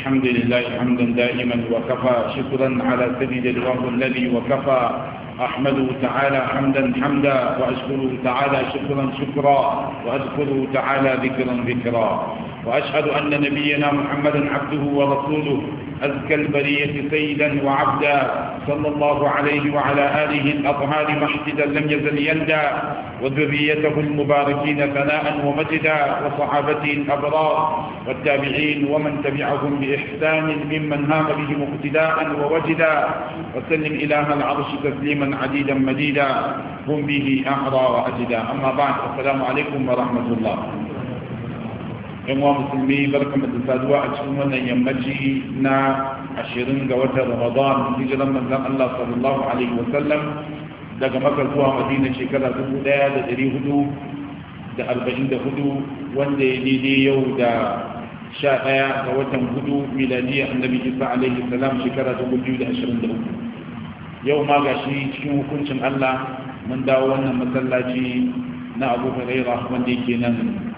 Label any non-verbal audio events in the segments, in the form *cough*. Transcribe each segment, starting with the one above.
الحمد لله حمدا دائما وكفى شكرا على سبيل الوقت الذي وكفى أحمده تعالى حمدا حمدا وأشكره تعالى شكرا شكرا وأذكره تعالى ذكرا ذكرا وأشهد أن نبينا محمدا عبده ورسوله أزكى البرية سيدا وعبدا صلى الله عليه وعلى آله الأطهار محددا لم يزل يندى وذريته المباركين ثناء ومجدا وصحابته الأبرار والتابعين ومن تبعهم بإحسان ممن هام بهم اقتداء ووجدا وسلم إله العرش تسليما عديدا مديدا هم به أحرى وأجدا أما بعد السلام عليكم ورحمة الله yan wa musulmi barkamu da saduwa a cikin wannan yammaci na ashirin ga watan ramadan hijiran manzon Allah sallallahu alaihi wa sallam daga makar zuwa madina shekara dubu daya da dari hudu da arba'in da hudu wanda ya daidai yau da sha daya ga watan hudu miladiyya annabi isa alaihi salam shekara dubu biyu da ashirin da uku yau ma gashi cikin hukuncin Allah mun dawo wannan masallaci na abu hurairah wanda yake nan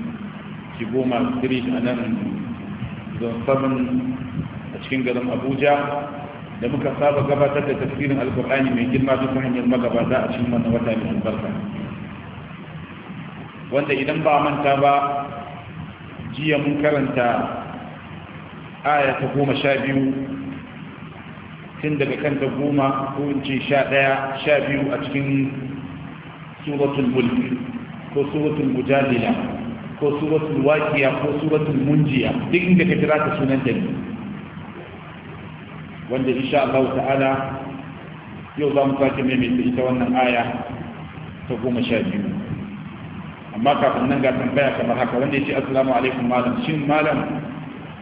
shigoma street a nan zon a cikin garin abuja da muka saba gabatar da tafsirin alkur'ani mai girma duk hanyar magabata a cikin wannan wata mai albarka wanda idan ba manta ba jiya mun karanta aya ta goma sha biyu tun daga kan ta goma ko in ce sha ɗaya sha biyu a cikin suratul mulk ko suratul mujadila ko suratul waqiya ko suratul munjiya duk inda ka kira ta sunan da ni wanda insha Allah ta'ala yau za mu sake maimaita ita wannan aya ta goma sha biyu amma kafin nan ga tambaya kamar haka wanda ya ce assalamu alaikum malam shin malam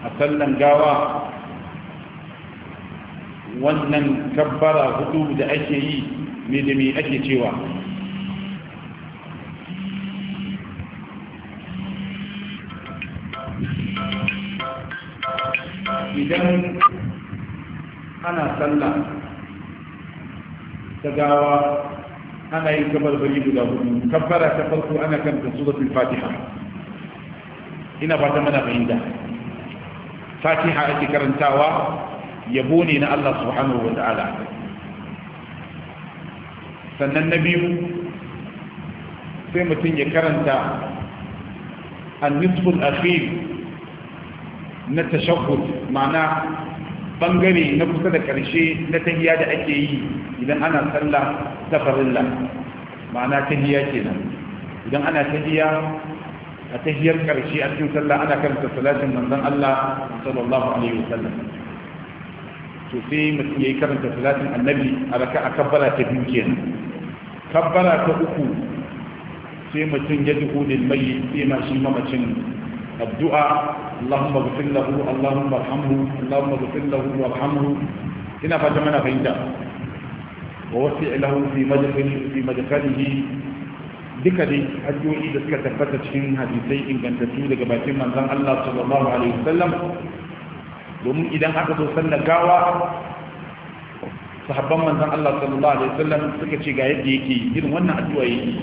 a sallan gawa wannan kabbara hudu da ake yi me da me ake cewa idan ana sallah ta gawa ana yin kabar bari guda hudu kabbara ta farko ana kanta zafin fatiha ina ba ta mana fahimta fatiha ake karantawa yabo ne na Allah subhanahu wa ta'ala sannan na biyu sai mutum ya karanta an nisful akhir na tashahud ma'ana bangare na kusa da karshe na tahiya da ake yi idan ana sallah ta farilla ma'ana tahiya kenan idan ana tahiya a tahiyar karshe a cikin sallah ana karanta salatin manzon Allah sallallahu alaihi wasallam to sai mutum yayi karanta salatin annabi a raka'a kabbara ta biyu kenan kabbara ta uku sai mutum ya duhu lil mayyit sai ma shi mamacin الدعاء اللهم اغفر له اللهم ارحمه اللهم اغفر له وارحمه هنا فجمعنا فإنجا ووسع له في في مدخله duka dai addu'o'i da suka tabbata cikin hadisai ingantattu daga bakin manzon Allah sallallahu alaihi wasallam domin idan aka zo sallar gawa sahabban manzon Allah sallallahu alaihi wasallam suka ce ga yadda yake irin wannan addu'a yake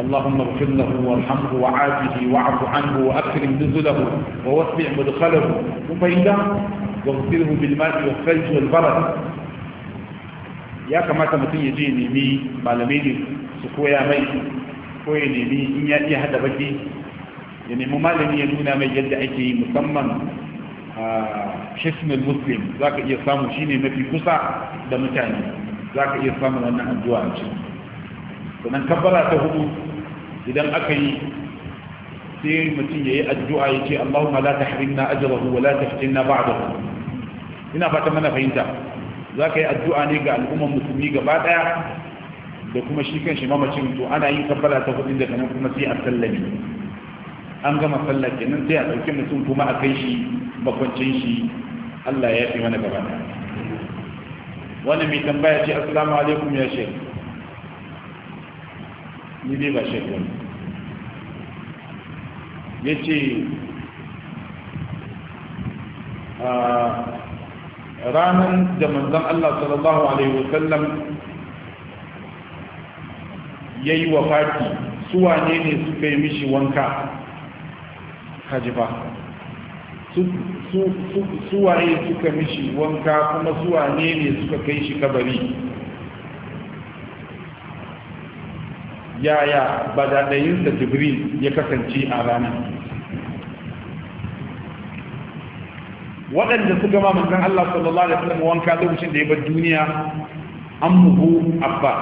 اللهم اغفر له وارحمه وعافه واعف عنه واكرم نزله ووسع مدخله وبينه واغفره بالماء والثلج والبرد يا كما تمتي يجي نيمي مالميني سكوى مي كوي نيمي إن هذا بكي يعني ممالني يدون ما يدعيكي مسمى آه، شسم المسلم ذاك يصام شيني ما في قصة دمتاني ذاك يصام لنا أدواء شيني sannan kabbara ta hudu idan aka yi sai mutum ya yi addu'a ya ce Allahumma la tahrimna ajrahu wa la taftinna ba'dahu ina fata mana fahimta za ka yi addu'a ne ga al'umman musulmi gaba daya da kuma shi kan shi mamacin to ana yin kabbara ta hudu da nan kuma sai a sallami an gama sallar kenan sai a ɗauki mutum kuma a kai shi bakwancin shi Allah ya fi mana gaba daya wannan mai tambaya ce assalamu alaikum ya shekara ni dai ba shek bane yace ranar da manzon Allah sallallahu alaihi wasallam yayi Fati. su wane ne suka yi mishi wanka ba. su waye suka mishi wanka kuma su wane ne suka kai shi kabari yaya ba badaɗayinsa jibril ya kasance a ranar waɗanda suka gama manzan Allah sallallahu alaihi wasallam wanka lokacin da ya bar duniya an muhu abba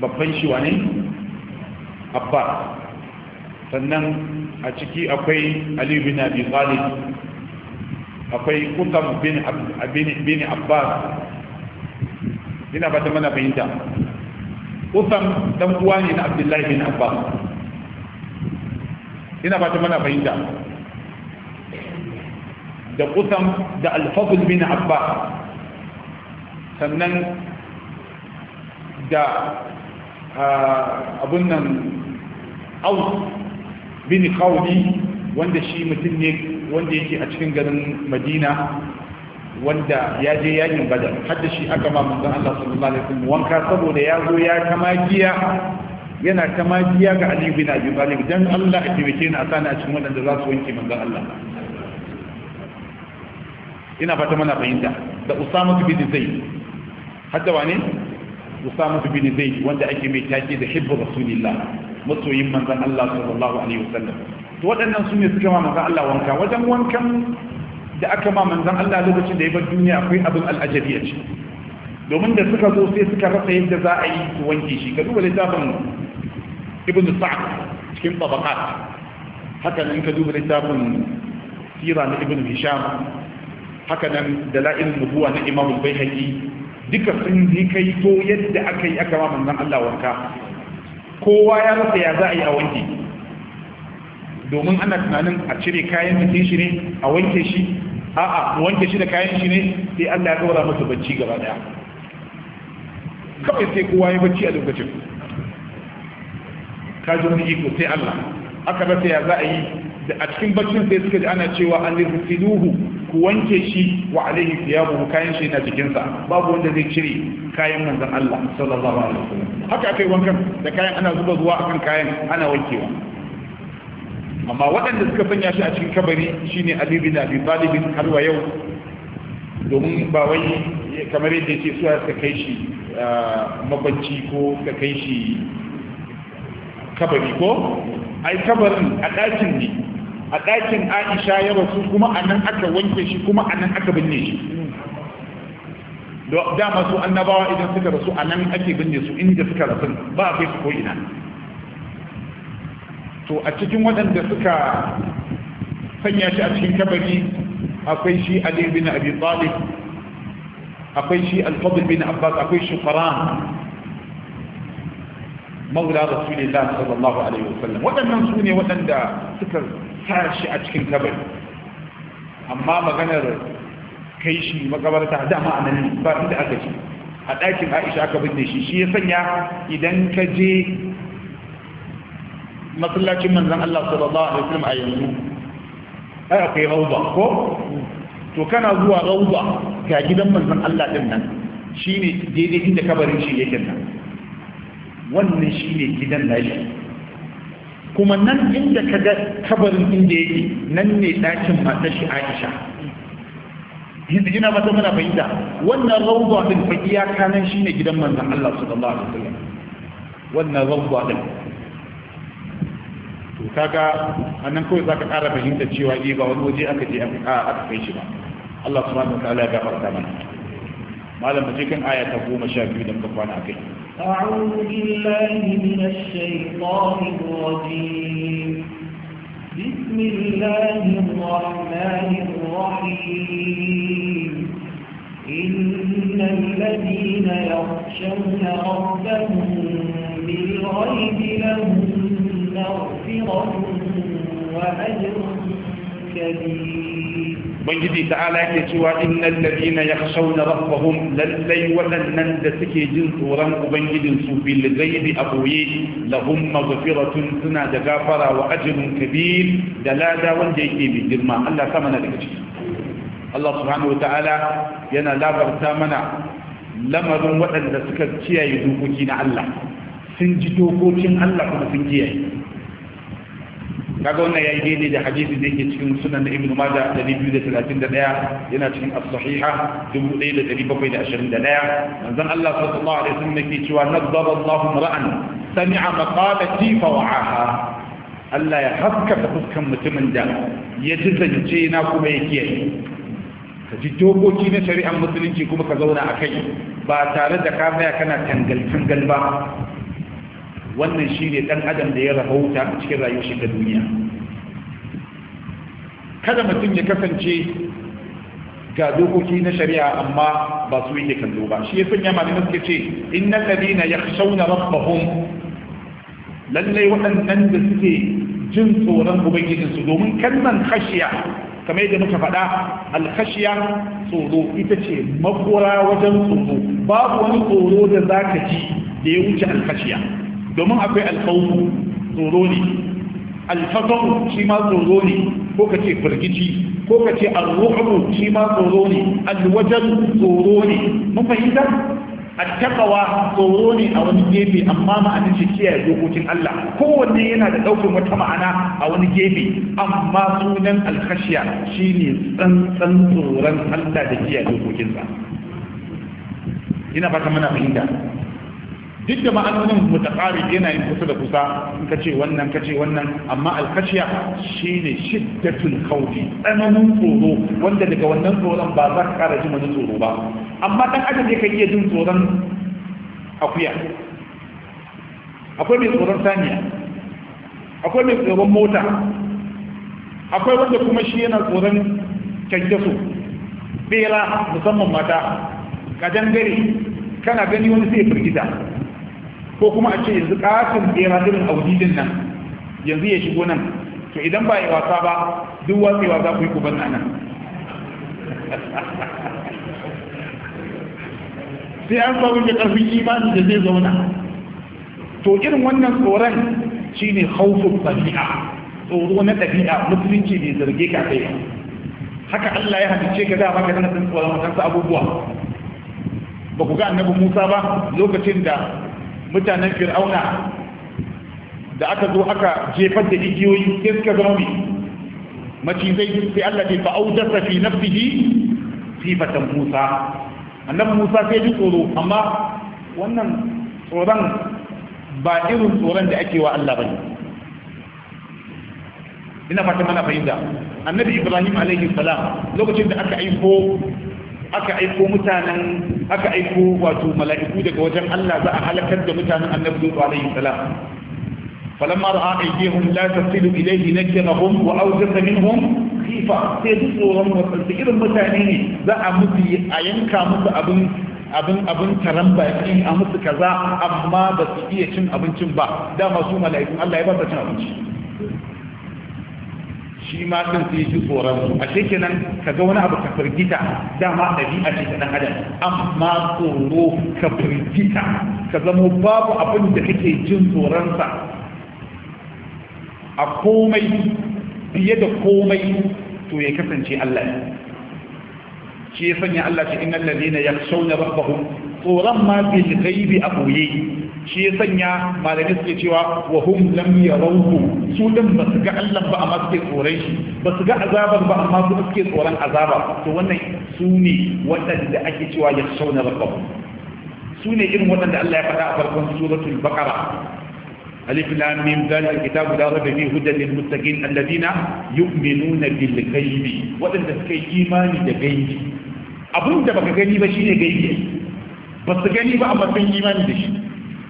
babban shi wane abba sannan a ciki akwai aliyu bin abi talib akwai kuka bin abbas ina ta mana fahimta usam dan uwa ne na abdullahi bin abbas ina fata mana fahimta da usam da alfadul bin abbas sannan da ah, abun nan aus bin khawli wanda shi mutum ne wanda yake a cikin garin madina wanda ya je yakin badar hadda shi aka ma manzon Allah sallallahu alaihi wasallam wanka saboda ya zo ya kamagiya yana kamagiya ga Ali bin Abi Talib dan Allah ya tabbace ni a kana cikin wanda za su wanke manzon Allah ina fata mana fahimta da Usama bin Zaid hadda wani Usama bin Zaid wanda ake mai take da hibbu Rasulillah masoyin manzon Allah sallallahu alaihi wasallam to waɗannan su ne suka ma manzon Allah wanka wajen wankan da aka ma manzan Allah lokacin da ya bar duniya akwai abin al'ajabi a ciki domin da suka zo sai suka rasa yadda za a yi su wanke shi Ka duba littafin ibn sa'ad cikin tabaqat haka nan ka duba littafin sira na ibn hisham haka nan dala'il nubuwa na imam al-baihaqi duka sun yi kai to yadda aka yi aka ma manzan Allah wanka kowa ya rasa ya za a yi a wanke domin ana tunanin a cire kayan jikin shi ne a wanke shi a'a wanke shi da kayan shi ne sai Allah ya dora masa bacci gaba daya kawai sai kowa ya bacci a lokacin ka ji wani iko sai Allah aka rasa ya za a yi da a cikin baccin sai suka ji ana cewa an lirfiduhu ku wanke shi wa alaihi thiyabuhu kayan shi na jikinsa babu wanda zai cire kayan manzon Allah sallallahu alaihi wasallam haka akai wankan da kayan ana zuba zuwa akan kayan ana wankewa amma waɗanda suka sanya shi a cikin kabari shi Ali bin Abi Talib har wa yau domin ba wai kamar yadda ce su ta kai shi mabanci ko ta kai shi kabari ko ai kabarin a ɗakin ne a ɗakin Aisha ya rasu kuma a nan aka wanke shi kuma a nan aka binne shi dama su annabawa idan suka rasu a nan ake binne su inda suka rasu ba a kai su ko ina to a cikin waɗanda suka sanya shi a cikin kabari akwai shi Ali bin Abi Talib akwai shi Al-Fadl bin Abbas akwai shi Shuqran maula Rasulullah sallallahu alaihi wasallam waɗannan su ne waɗanda suka sa shi a cikin kabari amma maganar kai shi makabarta dama a nan ba inda aka ce a ɗakin Aisha aka binne shi shi ya sanya idan ka je masallacin manzan Allah sallallahu alaihi wasallam a yanzu ai akwai rauba ko to kana zuwa rauba ga gidan manzan Allah din nan shine daidai inda kabarin shi yake nan wannan shine gidan nashi kuma nan inda ka ga kabarin inda yake nan ne ɗakin matar shi Aisha yanzu ina mata muna fahimta wannan rauba din fa iyaka nan shine gidan manzan Allah sallallahu alaihi wasallam wannan rauba din kaga annan kawai zaka ƙara fahimta cewa eh ba wani waje aka je aka kai shi ba Allah subhanahu wa ta'ala ya gafarta mana malam mu je kan aya ta 12 da muka kwana akai a'udhu billahi minash shaitanir rajim بسم الله الرحمن الرحيم إن الذين يخشون ربهم بالغيب لهم مغفرة ubangiji ta'ala yake cewa innal ladina yakhshawna rabbahum lallai waɗannan da suke jin tsoron ubangijin su bil ghaibi aboye lahum maghfiratun suna da gafara wa ajrun kabir da lada wanda yake bi girma Allah sama na daga ciki Allah subhanahu yana labarta mana lamarin waɗanda suka kiyaye dokoki na Allah sun ji dokokin Allah kuma sun kiyaye kaga wannan yayi daidai da hadisi da yake cikin sunan na ibnu da 231 yana cikin as-sahiha 1721 manzon Allah sallallahu alaihi wasallam yake cewa nazzara Allahu ra'an sami'a maqalati fa wa'aha Allah ya haskaka fuskan mutumin da ya ji zance na kuma ya kiyaye ka ji dokoki na shari'ar musulunci kuma ka zauna a kai ba tare da ka kana tangal tangal ba wannan shi ne ɗan adam da ya rahauta cikin rayuwar shi ta duniya kada mutum ya kasance ga dokoki na shari'a amma ba su yake kallo ba shi ya sanya malamin suka ce innal ya shauna rabbahum lallai waɗannan da suke jin tsoron ubangijin domin kalman khashiya kamar yadda muka faɗa alkhashiya tsoro ita ce makora wajen tsoro babu wani tsoro da zaka ji da ya wuce alkhashiya domin akwai alkhawfu tsoro ne alfaqu shi ma tsoro ne ko ka ce firgici ko ka ce arruhu shi ma tsoro ne alwajal tsoro ne mun fahimta tsoro ne a wani gefe amma ma'anin shi kiyaye dokokin Allah kowanne yana da ɗaukar wata ma'ana a wani gefe amma sunan alkashiya shine tsantsan tsoron Allah da kiyaye dokokinsa ina fata muna fahimta duk da ma'anonin mutakari yana yin kusa da kusa in ka ce wannan ka ce wannan amma alkashiya shi ne shiddatul kauti tsananin tsoro wanda daga wannan tsoron ba za ka ƙara jin wani tsoro ba amma ɗan adam yakan iya jin tsoron akuya akwai mai tsoron saniya akwai mai tsoron mota akwai wanda kuma shi yana tsoron kyankyaso bera musamman mata kadangare kana gani wani sai firgita ko kuma a ce yanzu katon bera irin audidin nan yanzu ya shigo nan to idan ba yi wasa ba duk watsewa za ku yi kuban nan *laughs* sai an sauri da ƙarfin imani da zai zauna to irin wannan tsoron shi ne haufin ɗabi'a tsoro na ɗabi'a musulunci ne zarge ka kai haka Allah ya hadice ka da maka sanin tsoron wadansu abubuwa ba ku ga annabi Musa ba lokacin da mutanen fir'auna da aka zo aka jefar da igiyoyi sai suka zama mai macizai sai Allah ce fa audasa fi nafsihi sifatan Musa annabi Musa sai ji tsoro amma wannan tsoron ba irin tsoron da ake wa Allah bane ina fata mana fahimta annabi Ibrahim alaihi salam lokacin da aka aiko aka aiko mutanen aka aiko wato mala'iku daga wajen Allah za a halakar da mutanen annabi Nuhu alaihi salam falamma ra'a aydihum la tasilu ilayhi nakirahum wa awjasa minhum khifa sai duk tsoron wasu irin mutane ne za a mutu a yanka musu abin abin abin baki a musu kaza amma ba su iya cin abincin ba dama su mala'iku Allah ya ba su cin abinci shi ma kan sai shi tsoron su ashe kenan ka ga wani abu ka firgita dama ɗabi'a ce ta ɗan adam amma tsoro ka firgita ka zama babu abin da kake jin tsoron sa. a komai fiye da komai to ya kasance Allah ne shi ya sanya Allah ce innal ladina yakhshawna rabbahum tsoron ma bil ghaibi a boye shi ya sanya malami suke cewa wa hum lam yarawhu su din ba su ga Allah ba amma suke tsoron shi ba su ga azabar ba amma su suke tsoron azaba to wannan su ne waɗanda ake cewa ya sauna rabbahum su ne irin waɗanda Allah ya faɗa a farkon suratul baqara ألف لام ميم ذلك الكتاب لا ريب فيه هدى للمتقين الذين da بالغيب وإن كي إيمان بالغيب أبون ده بقى غني بشيء غيب بس ba بقى ما بين إيمان shi.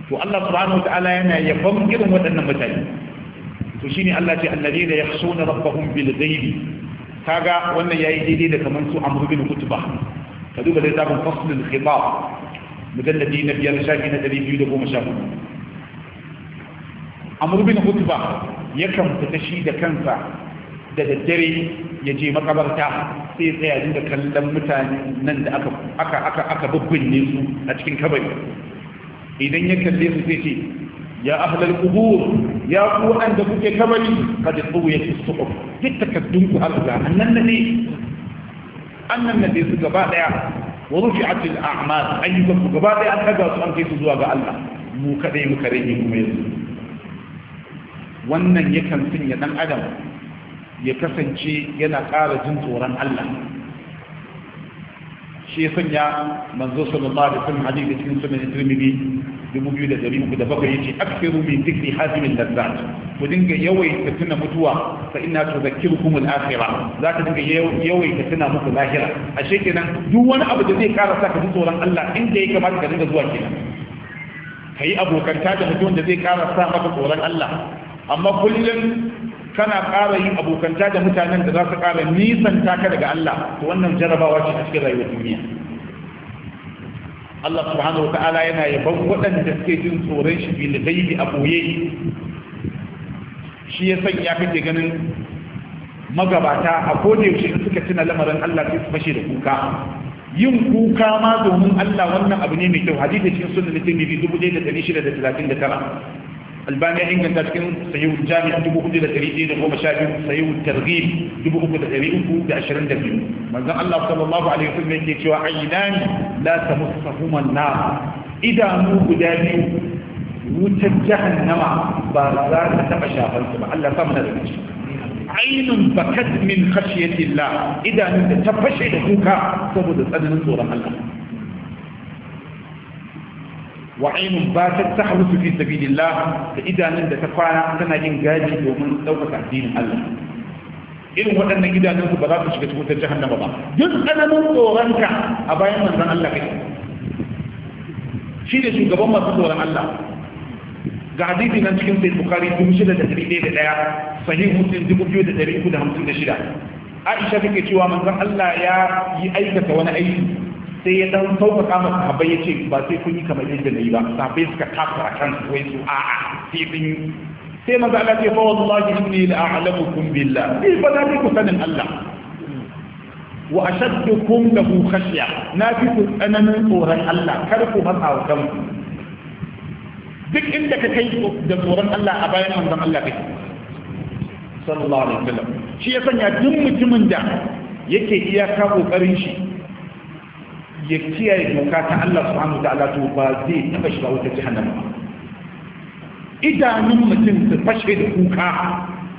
to Allah subhanahu wataala yana yabon irin waɗannan mutane to shine Allah ce alladheena yakhshuna rabbahum bil ghaibi kaga wannan yayi daidai da kaman su Amr bin Utba ka duba da zabin fasl al khitab mujalladi na biyar shafi na 214 Amr bin Utba yakan fita shi da kansa da daddare ya je makabarta sai tsaya dinga kallon mutane nan da aka aka aka su a cikin kabari idan ya kalle su sai ce ya ahlal qubur ya ku da kuke kabari kad tsuwiyat as-suhuf duk takaddun ku alga annan ne annan ne su gaba daya wa rufi'at al-a'mal ayyukan ku gaba daya an daga su an kai su zuwa ga Allah mu mu muka ni kuma yanzu wannan yakan sanya dan adam ya kasance yana ƙara jin tsoron Allah shi ya sanya manzo sallallahu alaihi wasallam hadisi cikin sunan Tirmidhi bakwai yace akthiru min dhikri hazim al-lazzat ku dinga yawaita tuna mutuwa fa inna tudhakkirukum al-akhirah za ka dinga yawaita tuna muku lahira ashe kenan duk wani abu da zai kara sa ka ji tsoron Allah in da ya kamata ka dinga zuwa kenan kai abokanta da mutum da zai kara sa maka tsoron Allah amma kullum kana ƙara yin abokanta da mutanen da za su ƙara nisan taka daga Allah to wannan jarabawa ce a cikin rayuwar duniya Allah subhanahu wa ta'ala yana yabon waɗanda suke jin tsoron shi bil ghaibi a boye shi ya sanya kake ganin magabata a koda yaushe in suka tuna lamarin Allah sai su fashe da kuka yin kuka ma domin Allah wannan abu ne mai kyau hadisi cikin sunan Tirmidhi 1639 albani ya inganta cikin sayyid jami'a dubu hudu da dari ɗaya da goma sha biyu sayyid targhib dubu uku da dari uku da ashirin da biyu manzon Allah sallallahu alaihi wasallam yake cewa aynani la tamussahuma an-nar idanu guda biyu wutar jahannama ba za ta taɓa shafar su ba Allah samu na da ciki ainun bakat min khashiyati Allah idanun da ta fashe da kuka saboda tsananin tsoron Allah wa ainun ba ta tahrusu fi sabilillah da idanun da ta fara tana yin gaji domin ɗaukaka addinin Allah irin waɗannan idanun su ba za su shiga cikin wutar jahannama ba duk tsananin tsoronka a bayan manzon Allah kai shi ne shugaban masu tsoron Allah ga hadisi nan cikin sai bukari dubu shida da dari ɗaya da daya, sahih muslim dubu biyu da dari uku da hamsin da shida aisha take cewa manzon Allah ya yi aikata wani aiki sai ya dan sauƙaƙa masa haɓe ya ce ba sai kun yi kamar yadda na yi ba sahabbai suka takura a wai su a'a sai sun yi sai maza ala ce fa ne da la a'lamukum billa ni ba za ku sanin Allah wa da ku kashiya na fi ku tsananin tsoron Allah kar ku matsa wa kanku duk inda ka kai da tsoron Allah a bayan manzon Allah kake sallallahu alaihi wasallam shi ya sanya duk mutumin da yake iyaka kokarin shi ya kiyaye doka ta Allah subhanahu ta'ala to ba zai taba shiga wata jahannama ba idanun mutum su fashe da kuka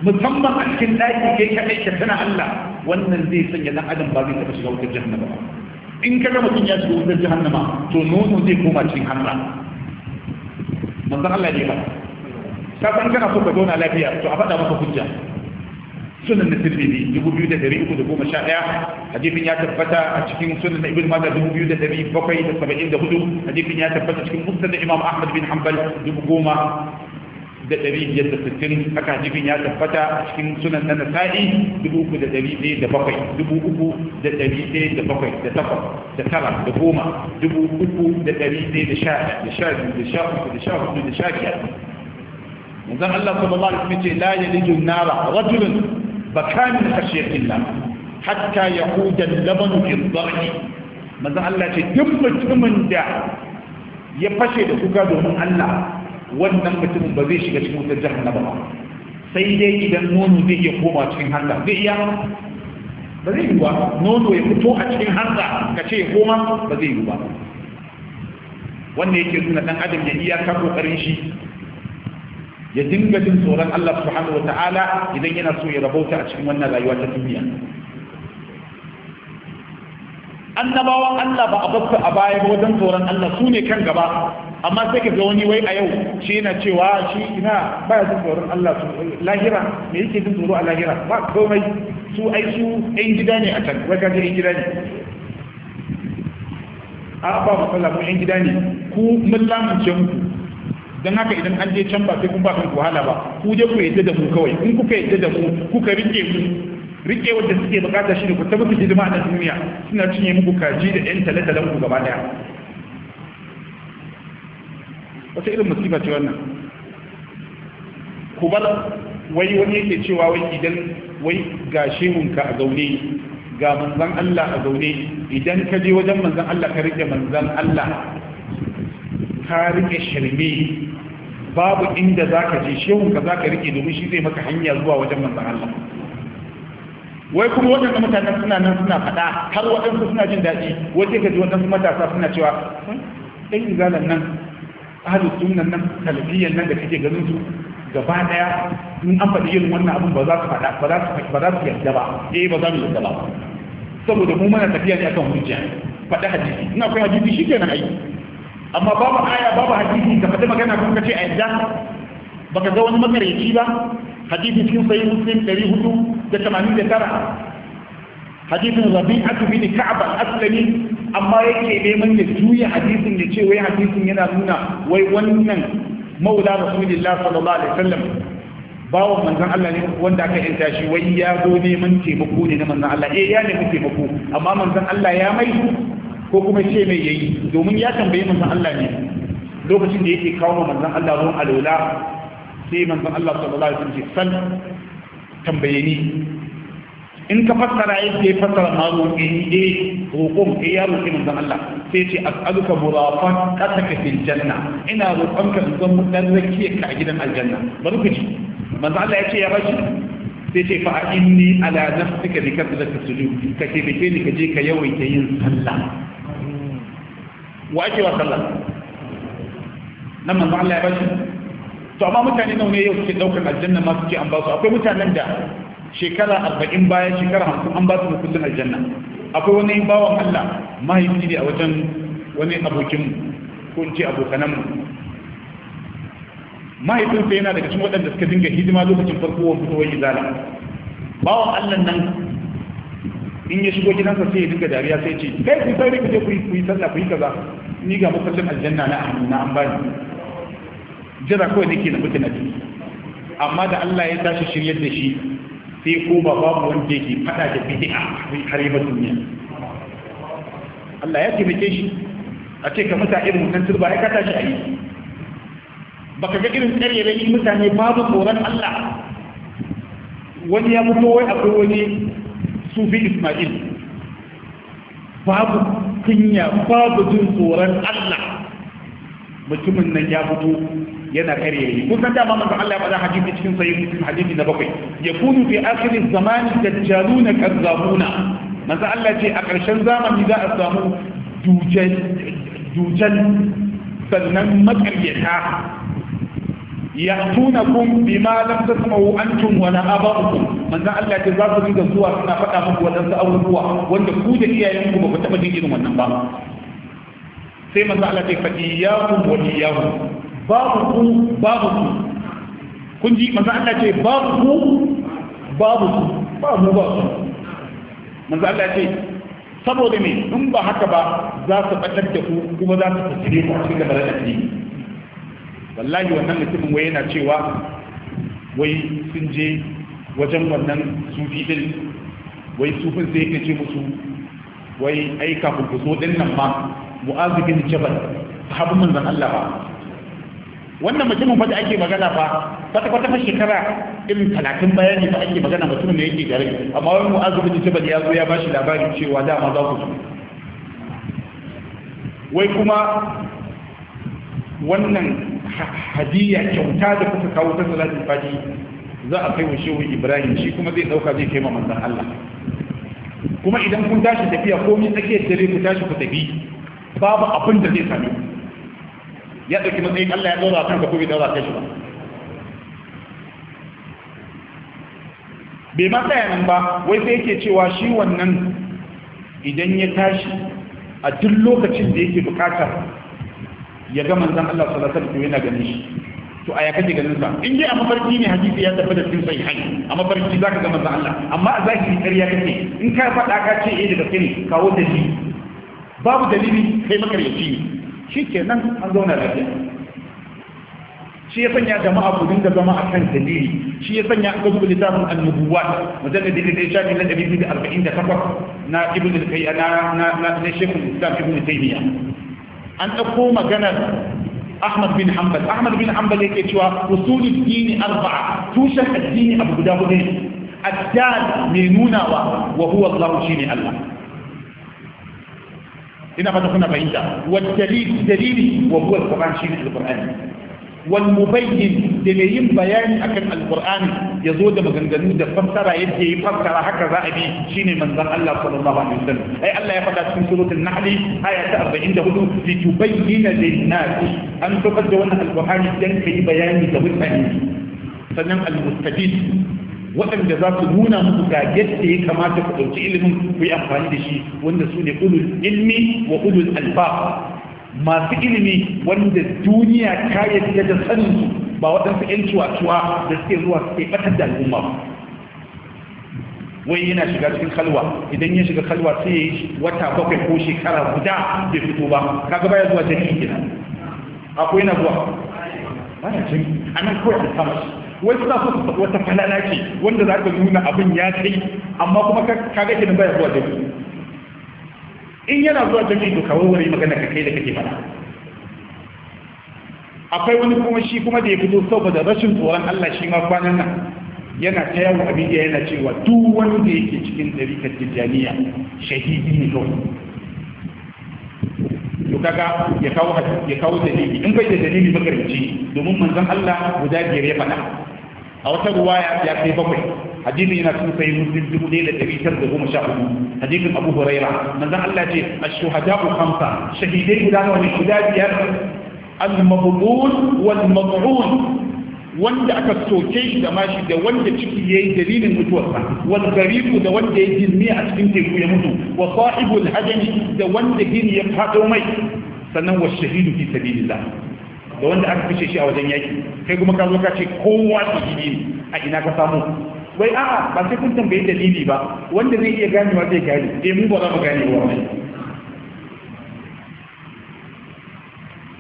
musamman a cikin ɗaki ke kaɗai ka tana Allah wannan zai sanya dan adam ba zai taba shiga wata jahannama ba in ka ga mutum ya shiga wata jahannama to nono zai koma cikin hanza manzon Allah ne ba ka san kana so ka zauna lafiya to a faɗa maka hujja sunan tirmidhi dubu biyu da dari uku da goma sha ɗaya hadisin ya tabbata a cikin sunan ibn majah dubu biyu da dari bakwai da saba'in da hudu hadisin ya tabbata cikin musnad imam ahmad bin hanbal dubu goma da dari biyar da sittin haka hadisin ya tabbata a cikin sunan na nasa'i dubu uku da dari ɗaya da bakwai dubu uku da dari ɗaya da bakwai da takwas da tara da goma dubu uku da dari ɗaya da sha da sha biyu da sha uku da sha hudu da sha biyar manzon Allah sallallahu alaihi wa sallam ya ce la yalidu nara rajulun baka min nan. hatta yahuda al-laban fi dhahri manzo Allah ce duk mutumin da ya fashe da kuka domin Allah wannan mutumin ba zai shiga cikin wutar jahannama ba sai dai idan nono zai iya koma cikin hanza zai iya ba zai yi ba nono ya fito a cikin hanza ka ce koma ba zai yi ba wanda yake nuna dan adam ya iya iyaka kokarin shi ya dinga jin tsoron Allah subhanahu wa ta'ala idan yana so ya rabauta a cikin wannan rayuwa ta duniya annabawan Allah ba a basu a baya ba wajen tsoron Allah su ne kan gaba amma sai ka ga wani wai a yau shi yana cewa shi ina baya jin tsoron Allah su lahira me yake jin tsoro a lahira ba komai su ai su ɗan gida ne a can wai kaje ɗan gida ne a ba matsala mu ɗan gida ne ku mun lamunce muku dan haka idan an je can ba sai kun ba kanku wahala ba ku je ku yadda da mu kawai in kuka yadda da mu kuka rike mu rike wanda suke bukata shi ne ku tabbata hidima a duniya suna cinye muku kaji da yan talatalan ku gaba daya wata irin musiba ce wannan ku bar wai wani yake cewa wai idan wai ga shehunka a zaune ga manzan Allah a zaune idan ka je wajen manzan Allah ka rike manzan Allah ka rike shirme babu inda za ka je shehun za ka rike domin shi zai maka hanya zuwa wajen manzan Allah wai kuma waɗanda mutanen suna nan suna faɗa har waɗansu suna jin daɗi wajen ka waɗansu matasa suna cewa hmm, ɗan izalan nan ahalus sunan nan talabiyyar nan da kake ganin su gaba daya in an faɗi yin wannan abin ba za su faɗa ba za su yarda ba eh ba za mu yarda ba saboda mu mana tafiya ne akan hujja faɗi hadisi ina akwai hadisi kenan ai amma babu aya babu hadisi da faɗi magana kuma ka ce a yadda baka ga wani makareci ba hadisi cikin sayi muslim 489 hadisin rabi'atu bin ka'ab al-aslami amma yake neman ya juya hadisin ya ce wai hadisin yana nuna wai wannan maula rasulullah sallallahu alaihi wasallam bawan manzon Allah ne wanda aka yanta shi wai ya zo neman taimako ne na manzon Allah eh ya nemi taimako amma manzon Allah ya mai ko kuma ce mai yayi domin ya tambayi manzon Allah ne lokacin da yake kawo manzon Allah ruwan alwala sai manzon Allah sallallahu alaihi wasallam san tambaye ni in ka fassara yadda ya fassara ma roƙe eh, ni eh roƙon eh ya roƙi manzon Allah sai ce as'aluka murafan qataka fil janna ina roƙonka in zan mun dan rakiye ka a gidan aljanna bari ku ji manzon Allah ya ce ya bashi sai ce fa inni ala nafsika bi kasrati sujud ka taimake ni ka je ka yawaita yin sallah wa ake wa sallah nan manzo Allah ya bashi to amma mutane nawa ne yau suke daukar aljanna ma suke an ba su akwai mutanen da shekara arba'in baya shekara 50 an ba su mukullin aljanna akwai wani bawan Allah mahaifi ne a wajen wani abokin ko in ce abokanan mu mahaifinsa yana daga cikin waɗanda suka dinga hidima lokacin farko wa fitowar izala bawan Allah nan in ya shigo gidansa sai ya dinga dariya sai ce kai ku sai ku je ku yi sallah ku yi kaza ni ga masallin aljanna na amina an bani jira kawai nake na nabi amma da Allah ya tashi shiryar da shi sai ko ba babu wanda yake fada da bid'a sai kare ba duniya Allah ya taimake shi a ce ka mata irin wannan turba ya kata shi a yi baka ga irin karyar mutane babu tsoron Allah wani ya mutu wai akwai wani sufi ismail babu kunya babu jin tsoron allah mutumin nan ya fito yana kare yi kun san dama manzo Allah ya faɗa hadisi cikin sahih muslim hadisi na bakwai yakunu fi akhir zamani dajjaluna kazzabuna manzo Allah ce a ƙarshen zamani za a samu dujan dujan sannan makaryata Ya tuna ya'tunakum bima lam tasma'u antum wa na'abakum manzon Allah ce za su dinga zuwa suna faɗa muku wadansu abubuwa wanda ku da iyayenku ba ku taɓa jin irin wannan ba sai manzon Allah ce fa iyyakum wa iyyahum babu ku babu ku kun ji manzon Allah ce babu ku babu ku babu ba ku manzon Allah ce saboda me in ba haka ba za su batar da ku kuma za su tsire ku cikin da addini wallahi wannan mutumin wai yana cewa wai sun je wajen wannan sufi din wai sufin sai yake ce musu wai ai kafin ku so din nan ma mu'azu bin jabal sahabu manzon Allah ba wannan mutumin fa da ake magana fa kwata kwata fa shekara irin talatin baya ne fa ake magana mutumin da yake gare amma wani mu'azu bin jabal ya zo ya ba shi labarin cewa dama za ku zo wai kuma wannan hadiyya kyauta da kuka kawo ta salatin fadi za a kai wa shehu ibrahim shi kuma zai dauka zai kai ma manzon Allah kuma idan kun tashi tafiya ko min tsakiyar dare ku tashi ku tafi babu abin da zai sami ya dauki matsayin Allah ya daura kanka ko bai daura kai shi ba bai ma tsaya nan ba wai sai yake cewa shi wannan idan ya tashi a duk lokacin da yake bukatar ya ga manzon Allah sallallahu alaihi wasallam yana ganin shi to a ya kace ganin sa in dai a mafarki ne hadisi ya tabbata cikin sahihai a mafarki zaka ga manzon Allah amma a zaki ƙarya kace in ka faɗa ka ce eh daga kai kawo shi babu dalili kai makaryaci ne shikenan an zauna lafiya shi ya sanya jama'a ku dinga zama a kan dalili shi ya sanya aka zuba littafin annubuwat mujallar da ya shafi na ɗari biyu da arba'in da takwas na ibn al kayyana na na na shekul islam ibn taymiya an ɗauko maganar Ahmad bin Hanbal Ahmad bin Hanbal yake cewa usulul dini arba'a tushen addini abu guda hudu addal mai nunawa wa huwa Allah shine Allah ina fata kuna fahimta wa dalil dalili wa huwa al-Qur'an shine al-Qur'an wal mubayyin da mai yin bayani akan al-Qur'ani ya zo da maganganu da fassara yadda yi fassara haka za a bi shi ne manzan Allah sallallahu alaihi wasallam ai Allah ya faɗa cikin suratul nahl aya ta 44 li tubayyana lin-nas an tokar da wannan alqur'ani dan yi bayani ga mutane sannan al-mustafid waɗanda za su nuna muku ga yadda ya kamata ku ɗauki ilimin ku yi amfani da shi wanda su ne ulul ilmi wa ulul alfa masu ilimi wanda duniya ta yadda da sanin su ba waɗansu 'yan cuwa-cuwa da suke zuwa suke ɓatar da al'umma ba wai yana shiga cikin kalwa idan ya shiga kalwa sai ya yi wata bakwai ko shekara guda bai fito ba kaga baya zuwa jami'in gida akwai na zuwa baya jin a nan kawai da kama wai suna so su faɗi wata falala ce wanda za ka nuna abin ya kai amma kuma kaga kenan baya zuwa jami'in in yana zuwa jami'in to kawai wani magana ka kai da kake faɗa akwai wani kuma shi kuma da ya fito saboda rashin tsoron Allah shi ma kwanan nan yana ta yawo a bidiyo yana cewa duk wani da yake cikin ɗarikar tijjaniya shahidi ne kawai to kaga ya kawo ya kawo dalili in bai da dalili magarinci domin manzon Allah guda biyar ya faɗa a wata ruwaya ya kai bakwai hadisin yana cikin sai muslim dubu ɗaya da ɗari tar da goma sha hudu hadisin abu huraira manzon Allah ce ashuhada'u khamsa shahidai guda nawa ne guda biyar al-mabdul wal mad'un wanda aka soke shi da mashi da wanda ciki yayi dalilin mutuwarsa wal garibu da wanda ya jilmi a cikin teku ya mutu wa sahibul hadani da wanda gini ya fado mai sannan wa shahidu fi sabilillah da wanda aka fice shi a wajen yaki kai kuma ka zo ka ce kowa a ina ka samu wai a'a ba sai kun tambayi dalili ba wanda zai iya ganewa zai gane eh mu ba za mu gane ba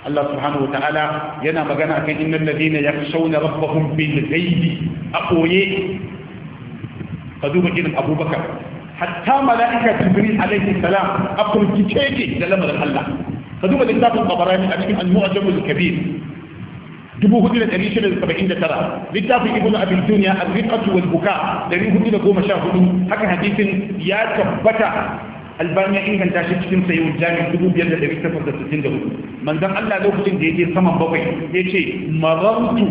Allah subhanahu wa ta'ala yana magana akan innal ladina yakhshawna rabbahum bil ghaibi a koye ka duba irin Abubakar hatta mala'ika Jibril alaihi salam a kurkice yake da lamarin Allah ka duba littafin Tabarani a cikin al-Mu'jam al-Kabir 4679 littafin Ibn Abi Dunya al-Riqatu wal Buka 414 haka hadisin ya tabbata albani ya inganta shi cikin sayo jami 5864 manzon Allah lokacin da ya yake saman bakwai Ya yace marartu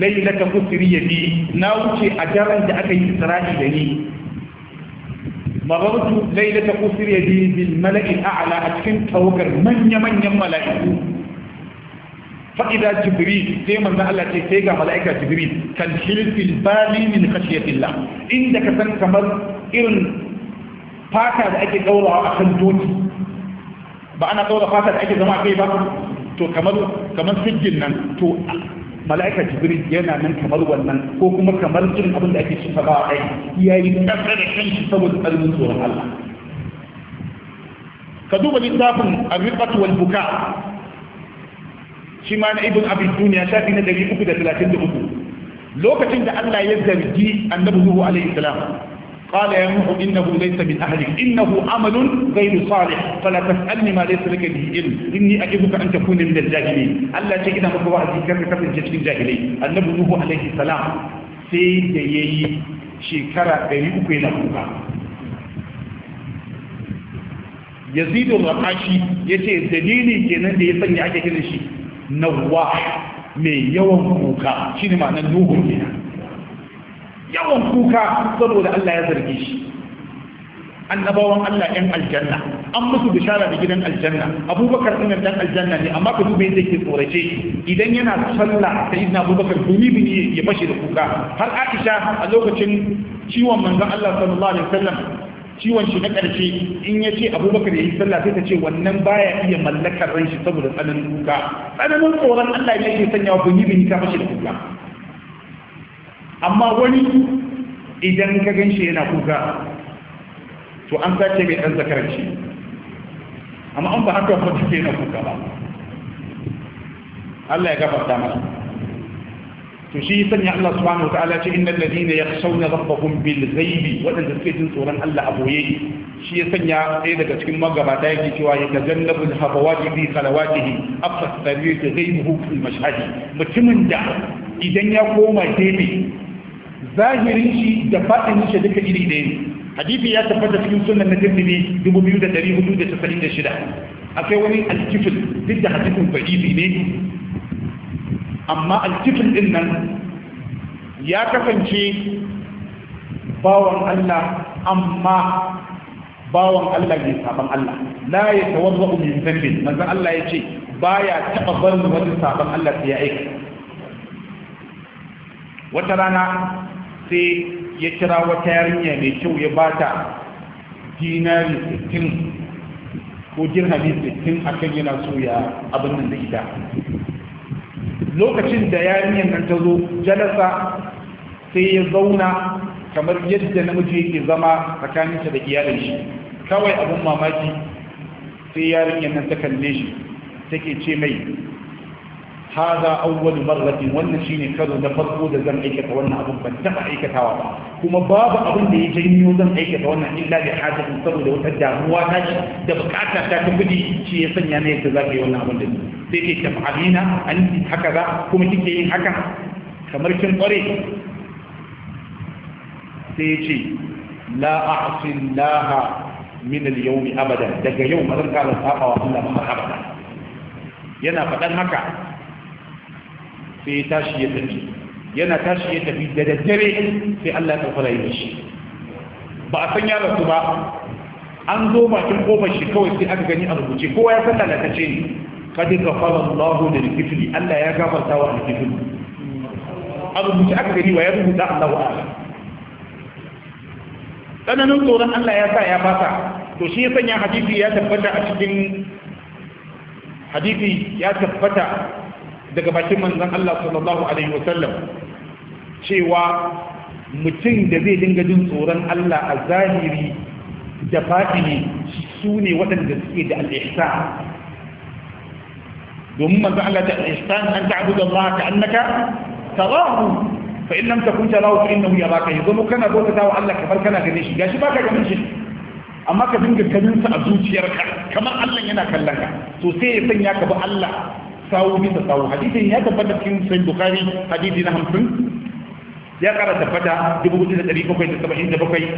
lailata kusriya bi na wuce a daren da aka yi isra'i da ni marartu lailata kusriya bi bil mala'i a'la a cikin tawagar manya manyan mala'iku fa idza jibril sai manzon Allah ce sai ga mala'ika jibril kan shirfil bali min khashiyatillah inda ka san kamar irin fata da ake ɗaurawa a kan doki ba ana ɗaura fata da ake zama kai ba to kamar kamar sijjin nan to mala'ika jibril yana nan kamar wannan ko kuma kamar irin abin da ake cika ba a kai ya yi ƙasa da shi saboda ƙarfin tsoron Allah ka duba littafin arriqat wal buka shi ma na ibn abi duniya shafi na 333 lokacin da Allah ya zargi annabi Nuhu alaihi salam قال يا نوح إنه ليس من أهلك إنه عمل غير صالح فلا تسألني ما ليس لك به علم إني أعظك أن تكون من الجاهلين ألا تجد مك واحد يكرك في الجيش الجاهلي النبي نوح عليه السلام سيد يي شكرا أيوك إلى yazidu rakashi ya ce dalili kenan da ya sanya ake kiran shi nawah mai yawan kuka shi ne ma'anar nuhu kenan yawan kuka saboda Allah ya zarge shi annabawan Allah ɗan aljanna an musu bishara da gidan aljanna abubakar ɗin ɗan aljanna ne amma ka duba yadda ke tsorace idan yana sallah ta abubakar duni bini ya fashe da kuka har aisha a lokacin ciwon manzon Allah sallallahu alaihi wasallam ciwon shi na ƙarshe in ya ce abubakar ya yi sallah sai ta ce wannan baya iya mallakar ran shi saboda tsananin kuka tsananin tsoron Allah ne ke sanya wa bini ta fashe da kuka amma wani idan ka gan shi yana kuka to an sace mai ɗan zakarar shi amma an ba haka wata ke yana kuka ba Allah ya gafarta mana to shi sanya Allah subhanahu wa ta'ala ce innal ladina yakhshawna rabbahum bil ghaibi wadanda suke jin tsoron Allah a boye shi ya sanya sai daga cikin magabata yake cewa ya tajannabu al hawaji bi salawatihi afsas tariqi ghaibuhu fil mashhadi mutumin da idan ya koma gefe zahirin shi da faɗin shi duka iri ɗaya ne hadisi ya tabbata cikin sunan na tirmidhi 2496 akwai wani alkifil duk da hadisin fadisi ne amma alkifil din nan ya kasance bawan Allah amma bawan Allah ne saban Allah la ya tawadda min dhanbin manzo Allah ya ce baya taba barin wani saban Allah ya aika wata rana sai ya kira wata yarinya mai kyau ya ba ta dinari 60 ko dirhami 60 akan yana so ya abin nan da ita lokacin da yarinyar nan ta zo jalasa sai ya zauna kamar yadda namiji yake zama tsakaninsa da iyalin shi kawai abin mamaki sai yarinyar nan ta kalle shi take ce mai hada awwalu marrati wannan shine karo na farko da zan aikata wannan abun ban taba aikatawa ba kuma babu abin da ya janyo zan aikata wannan illa bi hadatin saboda wata damuwa ta ce da bukata ta ta kudi shi ya sanya ne yadda za ka yi wannan abun da sai ke tafa'alina an haka za kuma kike yin haka kamar kin kware sai ya ce la a'si min al-yawm abada daga yau ba zan kara sabawa Allah ba abada yana faɗan haka sai ya tashi ya tafi yana tashi ya tafi da daddare sai Allah ya karfara yi shi ba a san ya rasu ba an zo bakin kofar shi kawai sai aka gani a rubuce kowa ya san lalatacce ne kadi gafara Allahu da likituli Allah ya gafarta wa likituli a rubuce aka gani wa ya rubuta Allahu a'lam tsananin tsoron Allah ya sa ya fasa to shi ya sanya hadisi ya tabbata a cikin hadisi ya tabbata daga bakin manzon Allah sallallahu alaihi wasallam cewa mutum da zai dinga jin tsoron Allah a zahiri da ne su ne waɗanda suke da al'ihsa domin manzon Allah ta al'ihsa an ta'budu Allah ka annaka tarahu fa in lam takun tarahu fa innahu yaraka yanzu kana bauta wa Allah kamar kana ganin shi gashi baka ganin shi amma ka dinga kallon sa a zuciyarka kamar Allah yana kallon ka to sai ya sanya ka bi Allah sawu bisa sawu hadisin ya tabbata cikin sahih bukhari hadisi na 50 ya karanta fata 4777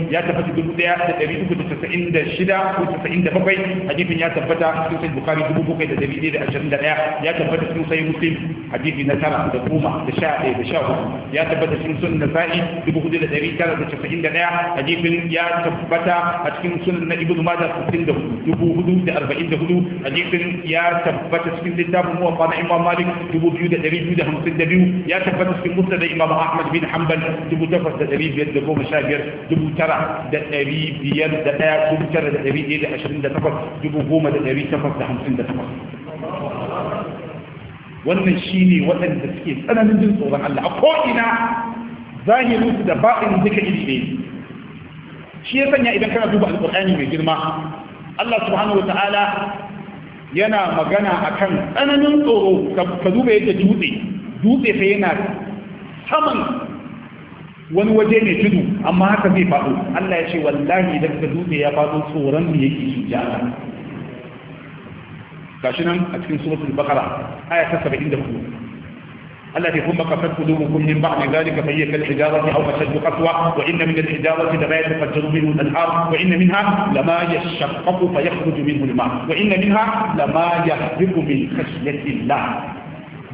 ya tabbata 1396 ko 97 hadisin ya tabbata cikin sahih bukhari 7121 ya tabbata cikin muslim hadisi na tara da goma da sha ɗaya da sha hudu ya tabbata cikin sunan nasa'i 4991 hadisin ya tabbata a cikin sunan na ibnu majah 6444 hadisin ya tabbata cikin littafin muwaffaq na imam malik 2252 ya tabbata cikin musnad imam ahmad bin hanbal hanbal 8515 9501 wannan shi ne waɗanda suke tsananin jin tsoron Allah a ko'ina zahirinsu da ba'in duka iri ne shi ya sanya idan kana duba alƙur'ani mai girma Allah subhanahu wa ta'ala yana magana akan tsananin tsoro ka duba yadda dutse dutse fa yana saman wani waje mai tudu amma haka zai faɗo Allah ya ce wallahi idan ka dutse ya faɗo tsoron mu yake shi ji Allah gashi nan a cikin suratul baqara aya ta 74 التي ثم قست قلوبكم من بعد ذلك فهي كالحجارة أو أشد قسوة وإن من الحجارة لما يتفجر منه الأنهار وإن منها لما يشقق فيخرج منه الماء وإن منها لما يهبط من خشية الله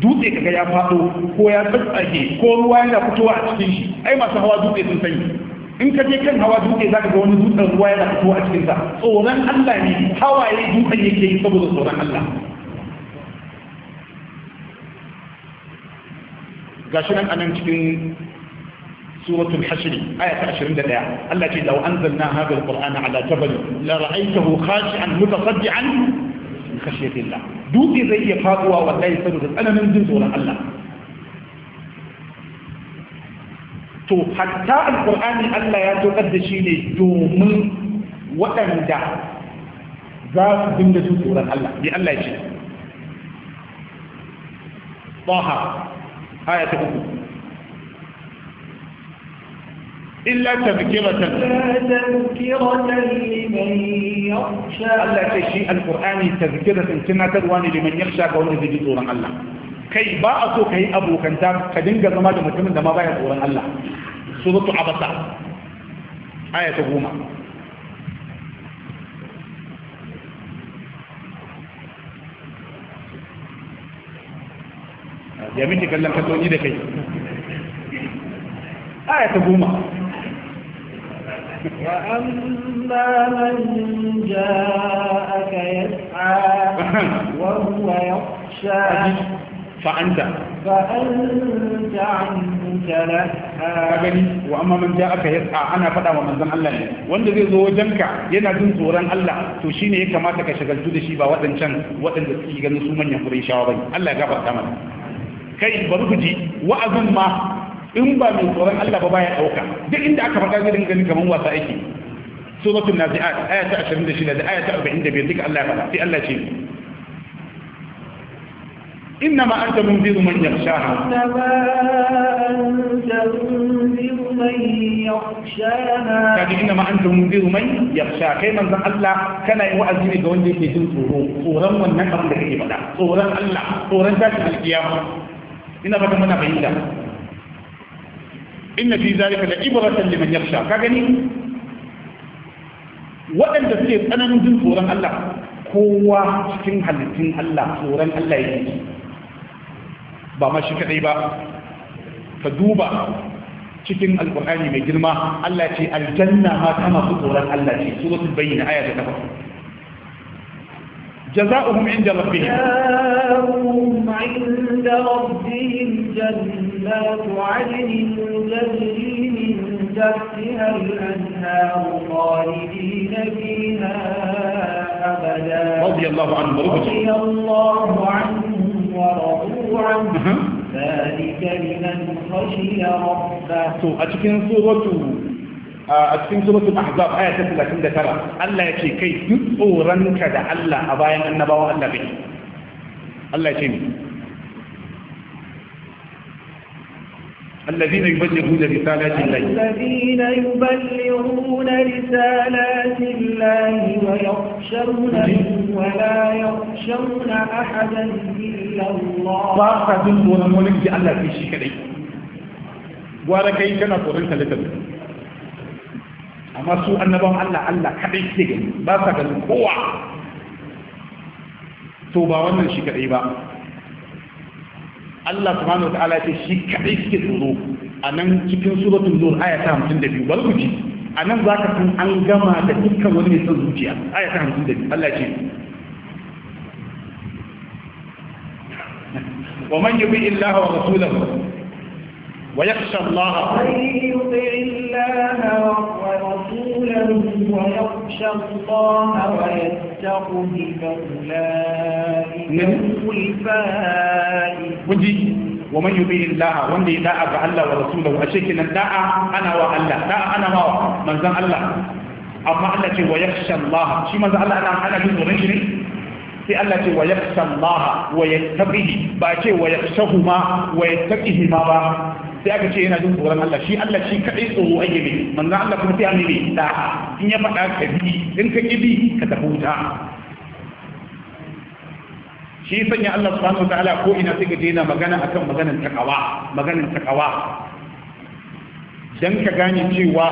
dutse kaga ya faɗo ko ya tsatsage ko ruwa yana fitowa a cikin shi ai masu hawa dutse sun sani in ka je kan hawa dutse zaka ga wani dutsen ruwa yana fitowa a cikin sa tsoron Allah ne hawaye dutsen yake yi saboda tsoron Allah gashi nan anan cikin سورة الحشر آية 21 التي لو أنزلنا هذا القرآن على جبل لرأيته خاشعا متصدعا in kashe billah dutse zai iya faduwa wallahi saboda tsananin jin tsoron Allah to hatta alqur'ani Allah ya tokar da shi ne domin waɗanda za su dinga jin tsoron Allah bi Allah ya ce إلا تذكرة الله تشيء القرآن تذكرة كما تدوان لمن يخشى قول ذي جزورا الله كي باء سوك هي أبو كنتا كدنجا زما دا متمن دا ما بايا قرآن الله سورة عبسة آية غوما ya miki kallon kaso ni da kai aya ta goma وأما من جاءك يسعى *laughs* وهو يخشى فأنت فأنت عنه تلهى وأما من جاءك يسعى أنا فدا ومن ذن الله wanda zai zo ka yana jin tsoron Allah to ne ya kamata ka shagaltu da shi ba waɗancan waɗanda suke ganin su manyan furin shawa bane Allah ya kai bari ji wa'azin in ba mai tsoron Allah ba baya duk inda aka faɗa zai dinga kaman wasa suratul nazi'at aya ta 26 da aya ta 45 duka Allah ya faɗa sai Allah ce إنما أنت منذر من يخشاها إنما أنت منذر من يخشاها يعني إنما أنت منذر من يخشاها كي من الله كان يوأزين قول لي في جنس صورا والنقم لكي صورا الله صورا ذات القيامة إنما كمنا بعيدا inna fi zalika la ibratan liman yakhsha ka gani waɗanda suke tsananin jin tsoron Allah kowa cikin halittun Allah tsoron Allah yake ba ma shi kadai ba ka duba cikin alkur'ani mai girma Allah ce aljanna ma kama masu tsoron Allah ce suratul bayyana aya ta 8 جزاؤهم عند ربهم جزاؤهم عند ربهم جنات عدن تجري من تحتها الأنهار خالدين فيها أبدا رضي الله عنهم ورضوا رضي الله عنهم ورضوا عنه ذلك لمن خشي ربه أتكن سورة a cikin suratul ahzab aya ta 39 Allah yake kai duk tsoranka da Allah a bayan annabawa Allah bai Allah ni الذين يبلغون رسالات الله الذين يبلغون رسالات الله ويخشونه ولا يخشون أحدا إلا الله فأخذ دون ملك الله في شكري واركي كان قرنك لتبقى amma su annabawan Allah Allah kaɗai ke gani ba sa ganin kowa to ba wannan shi kaɗai ba Allah subhanahu ta'ala ce shi kaɗai ke tsoro a nan cikin suratun nur aya ta hamsin da biyu bari ku a nan za ka san an gama da dukkan wani mai son zuciya aya ta hamsin da biyu Allah ce wa man yubi illaha wa rasulahu ويخشى الله الله ورسوله ويخشى الله ويتقه فأولئك هم ومن يطيع الله ومن يطاع الله ورسوله أشيكنا داء أنا والله داء أنا ما من زن الله أما الله ويخشى الله شي من الله أنا أنا جزء من شيء sai Allah ce wa yakhsha Allah wa yattaqihi ba ce sai aka ce yana jin tsoron Allah shi Allah shi kadai tsoro ake ne manzon Allah kuma sai ne da in ya faɗa ka bi in ka bi ka tafi wuta shi sanya Allah subhanahu wa ta'ala ko ina sai ka je yana magana akan maganar takawa maganar takawa dan ka gane cewa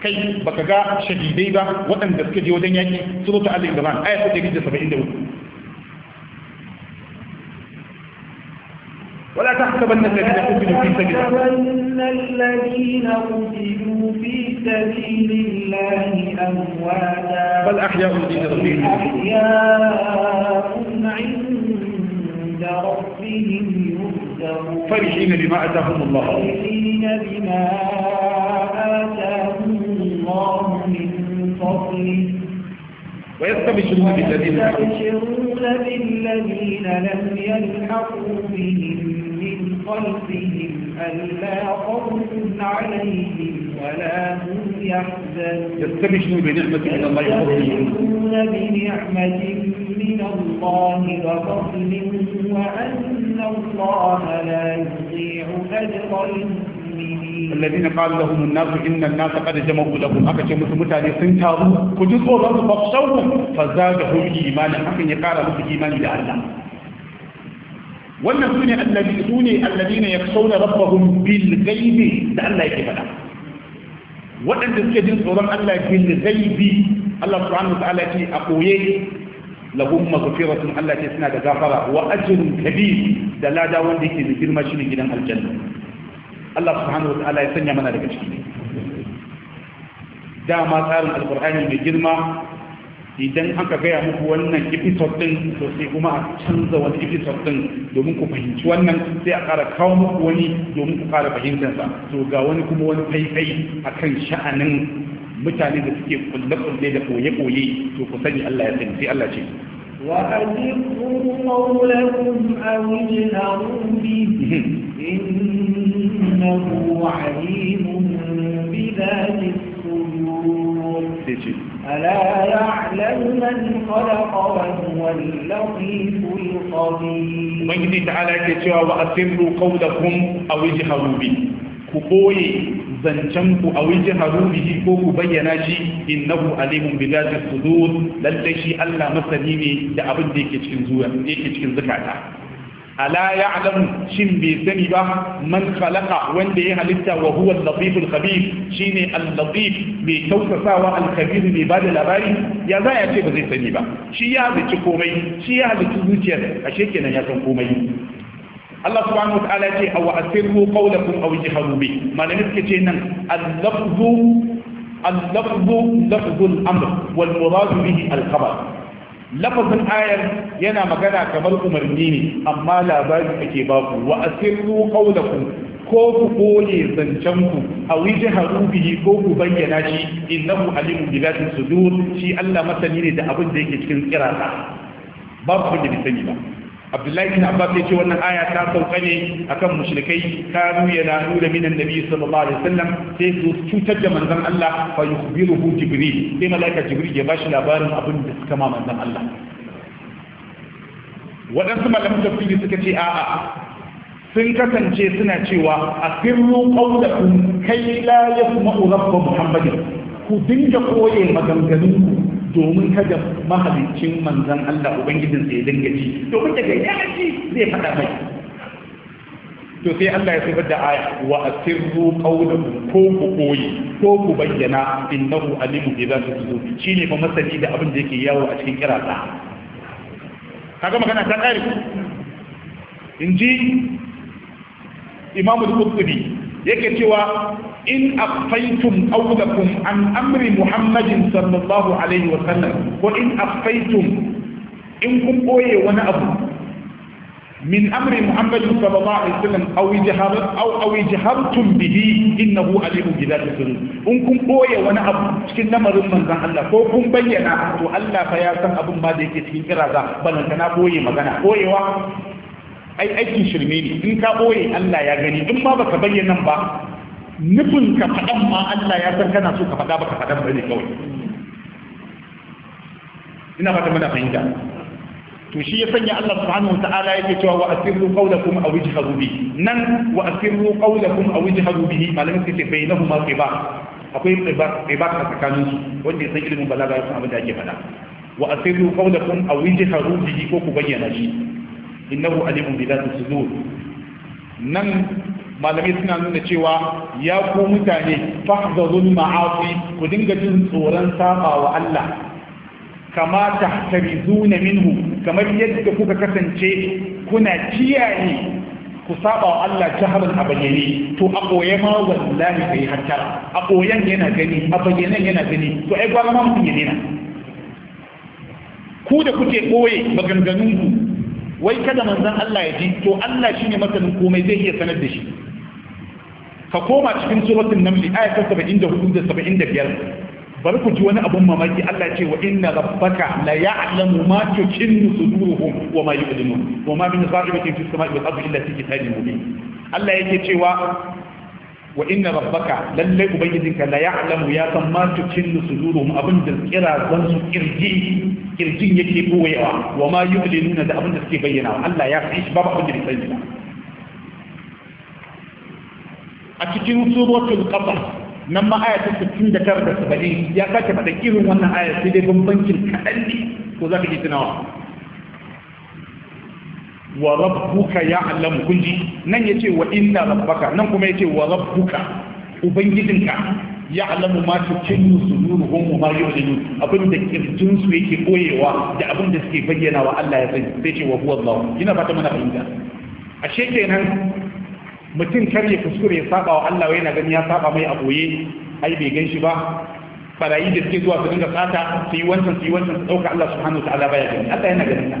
kai baka ga shahidai ba waɗanda suka je wajen yaki suratu al-imran ayatu 174 ولا تحسبن الذين قتلوا في سبيل الله أمواتا بل أحياء عند ربهم أحياء عند ربهم يرزقون فرحين بما آتاهم الله فرحين بما آتاهم الله من فضله ويستبشرون بالذين لم يلحقوا بهم من خلفهم ألا خوف عليهم ولا هم يحزنون يستبشرون بنعمة من الله يستبشرون بنعمة من الله وفضل وأن الله لا يضيع أجر الذين قال لهم الناس إن الناس قد جمعوا لكم اكثر من متعه سنتارو كجزء الله فاخشوهم فزادهم إيمانا أكا يقال لهم إيمان إلى wannan sune allazi sune ya sauna rabbahum bil ghaibi da Allah yake faɗa waɗanda suke jin tsoron Allah bil ghaibi Allah subhanahu wa ta'ala ce a koye lahum maghfiratun Allah ce suna da gafara wa ajrun kabir da lada wanda yake da girma ne gidan aljanna Allah subhanahu wa ta'ala ya sanya mana daga ciki dama tsarin alqur'ani mai girma idan aka gaya muku wannan episode din to sai kuma a canza wani episode din domin ku fahimci wannan sai a ƙara kawo muku wani domin ku ƙara fahimtarsa to ga wani kuma wani faifai akan sha'anin mutane da suke kulle-kulle da koye-koye to ku sani Allah ya sani sai Allah ce وأجبوا قولكم أو اجهروا به إنه عليم بذات الصدور ألا يعلم من خلق وهو اللطيف الخبير وإنه تعالى كتوى وأسروا قولكم أو اجهروا به كبوي zancenku a wajen harubihi ko ku bayyana shi innahu alimun bi zati sudur lalle shi Allah masani ne da abin da yake cikin ala alamu shin bai sani ba man khalaqa wanda ya halitta wa huwa al-latif al-khabir shine al-latif mai tausasawa al-khabir mai da labari ya za ya ce ba zai sani ba shi ya halitta komai shi ya halitta zuciyar ashe kenan ya san komai Allah subhanahu wataala ce aw asirru qawlakum aw jaharu bi malami suke ce nan al-lafzu al-lafzu lafzul amr wal murad bihi al-khabar lafazin ayar yana magana kamar umarni ne amma labari ake baku wa asirru qawlakum ko ku koye zancen ku a wiji harubihi ko ku bayyana shi innahu alimu bi zati sudur shi Allah masani ne da abin da yake cikin Ba babu da bisani ba abdullahi bin abbas ya ce wannan aya ta sauka ne akan mushrikai kanu yanalu nuna minan nabi sallallahu alaihi wasallam sai su cutar da manzon Allah fa yukhbiruhu jibril sai malaika jibril ya bashi labarin abin da suka ma manzon Allah waɗansu malamin tafsiri suka ce a'a sun kasance suna cewa a sirru ƙaunakun kai la ya kuma urabba muhammadin ku dinga koye maganganun domin kada mahalicin manzan Allah ubangijin sai dinga ji domin daga yaji zai faɗa mai to sai Allah ya sifar da aya wa asirru qawlakum ko ku koyi ko ku bayyana innahu alimu bi zati sudur shine fa masani da abin da yake yawo a cikin kirata kaga magana ta kare inji imamu al yake cewa in affaitum aulakum an amri muhammadin sallallahu alaihi wa sallam ko in affaitum in kun boye wani abu min amri muhammadin sallallahu alaihi wa sallam aw jaharat aw aw jahartum bihi innahu alimu bi dhati sudur in kun boye wani abu cikin lamarin manzon Allah ko kun bayyana to Allah fa ya san abin ma da yake cikin kiraza balanta na boye magana boyewa ai aikin shirme ne in ka boye Allah ya gani in ma baka bayyana ba nufin ka faɗan ma Allah ya san kana so ka faɗa ba ka faɗan ba kawai ina fata mana fahimta to shi ya sanya Allah subhanahu wa ta'ala yake cewa wa asirru qawlakum aw ijharu bi nan wa asirru qawlakum aw ijharu bihi malamin sai bainahuma qiba akwai qiba a tsakanin su wanda ya san ilimin balaga ya san abin da ake faɗa wa asirru qawlakum aw ijharu bihi ko ku bayyana shi innahu alimun bi dhati sudur nan malamai suna nuna cewa ya ku mutane fahdharul ma'asi ku dinga jin tsoron saba wa Allah kama tahtarizuna minhu kamar yadda kuka kasance kuna kiyaye ku saba wa Allah jaharin a bayyane to a koye ma wallahi kai hatta a koyan yana gani a bayyanan yana gani to ai gwara ma mutum ya nena ku da kuke koye maganganun ku wai kada manzon Allah ya ji to Allah shine masanin komai zai iya sanar da shi ka koma cikin suratul namli aya ta 74 da 75 bari ku ji wani abun mamaki Allah ce wa inna rabbaka la ya'lamu ma tukinnu suduruhum wa ma yu'linun wa ma min gha'ibatin fis sama'i wal ardi illa fi kitabin mubin Allah yake cewa wa inna rabbaka lalle ubangijinka la ya'lamu ya san ma tukinnu suduruhum abin da kira zan su kirji kirjin yake koyewa wa ma yu'linuna da abin da suke bayyana Allah ya san babu abin da bai sani ba a cikin suratul qamar nan ma aya ta 69 da 70 ya sake da irin wannan aya sai dai bambancin kaɗan ne ko za ka ji tunawa wa rabbuka ya'lamu kulli nan yace wa inna rabbaka nan kuma yace wa rabbuka ubangijinka ya'lamu ma tukinnu suduruhum wa ma yu'linu abin da kirjin su yake koyewa da abin da suke bayyana wa Allah ya sani sai ce wa huwa Allah kina fata mana fahimta ashe kenan mutum kar ya kuskure ya saba wa Allah yana gani ya saba mai a boye ai bai gan shi ba barayi da suke zuwa su dinga sata su yi wancan su yi wancan su ɗauka Allah subhanahu wa ta'ala baya gani Allah yana ganin ta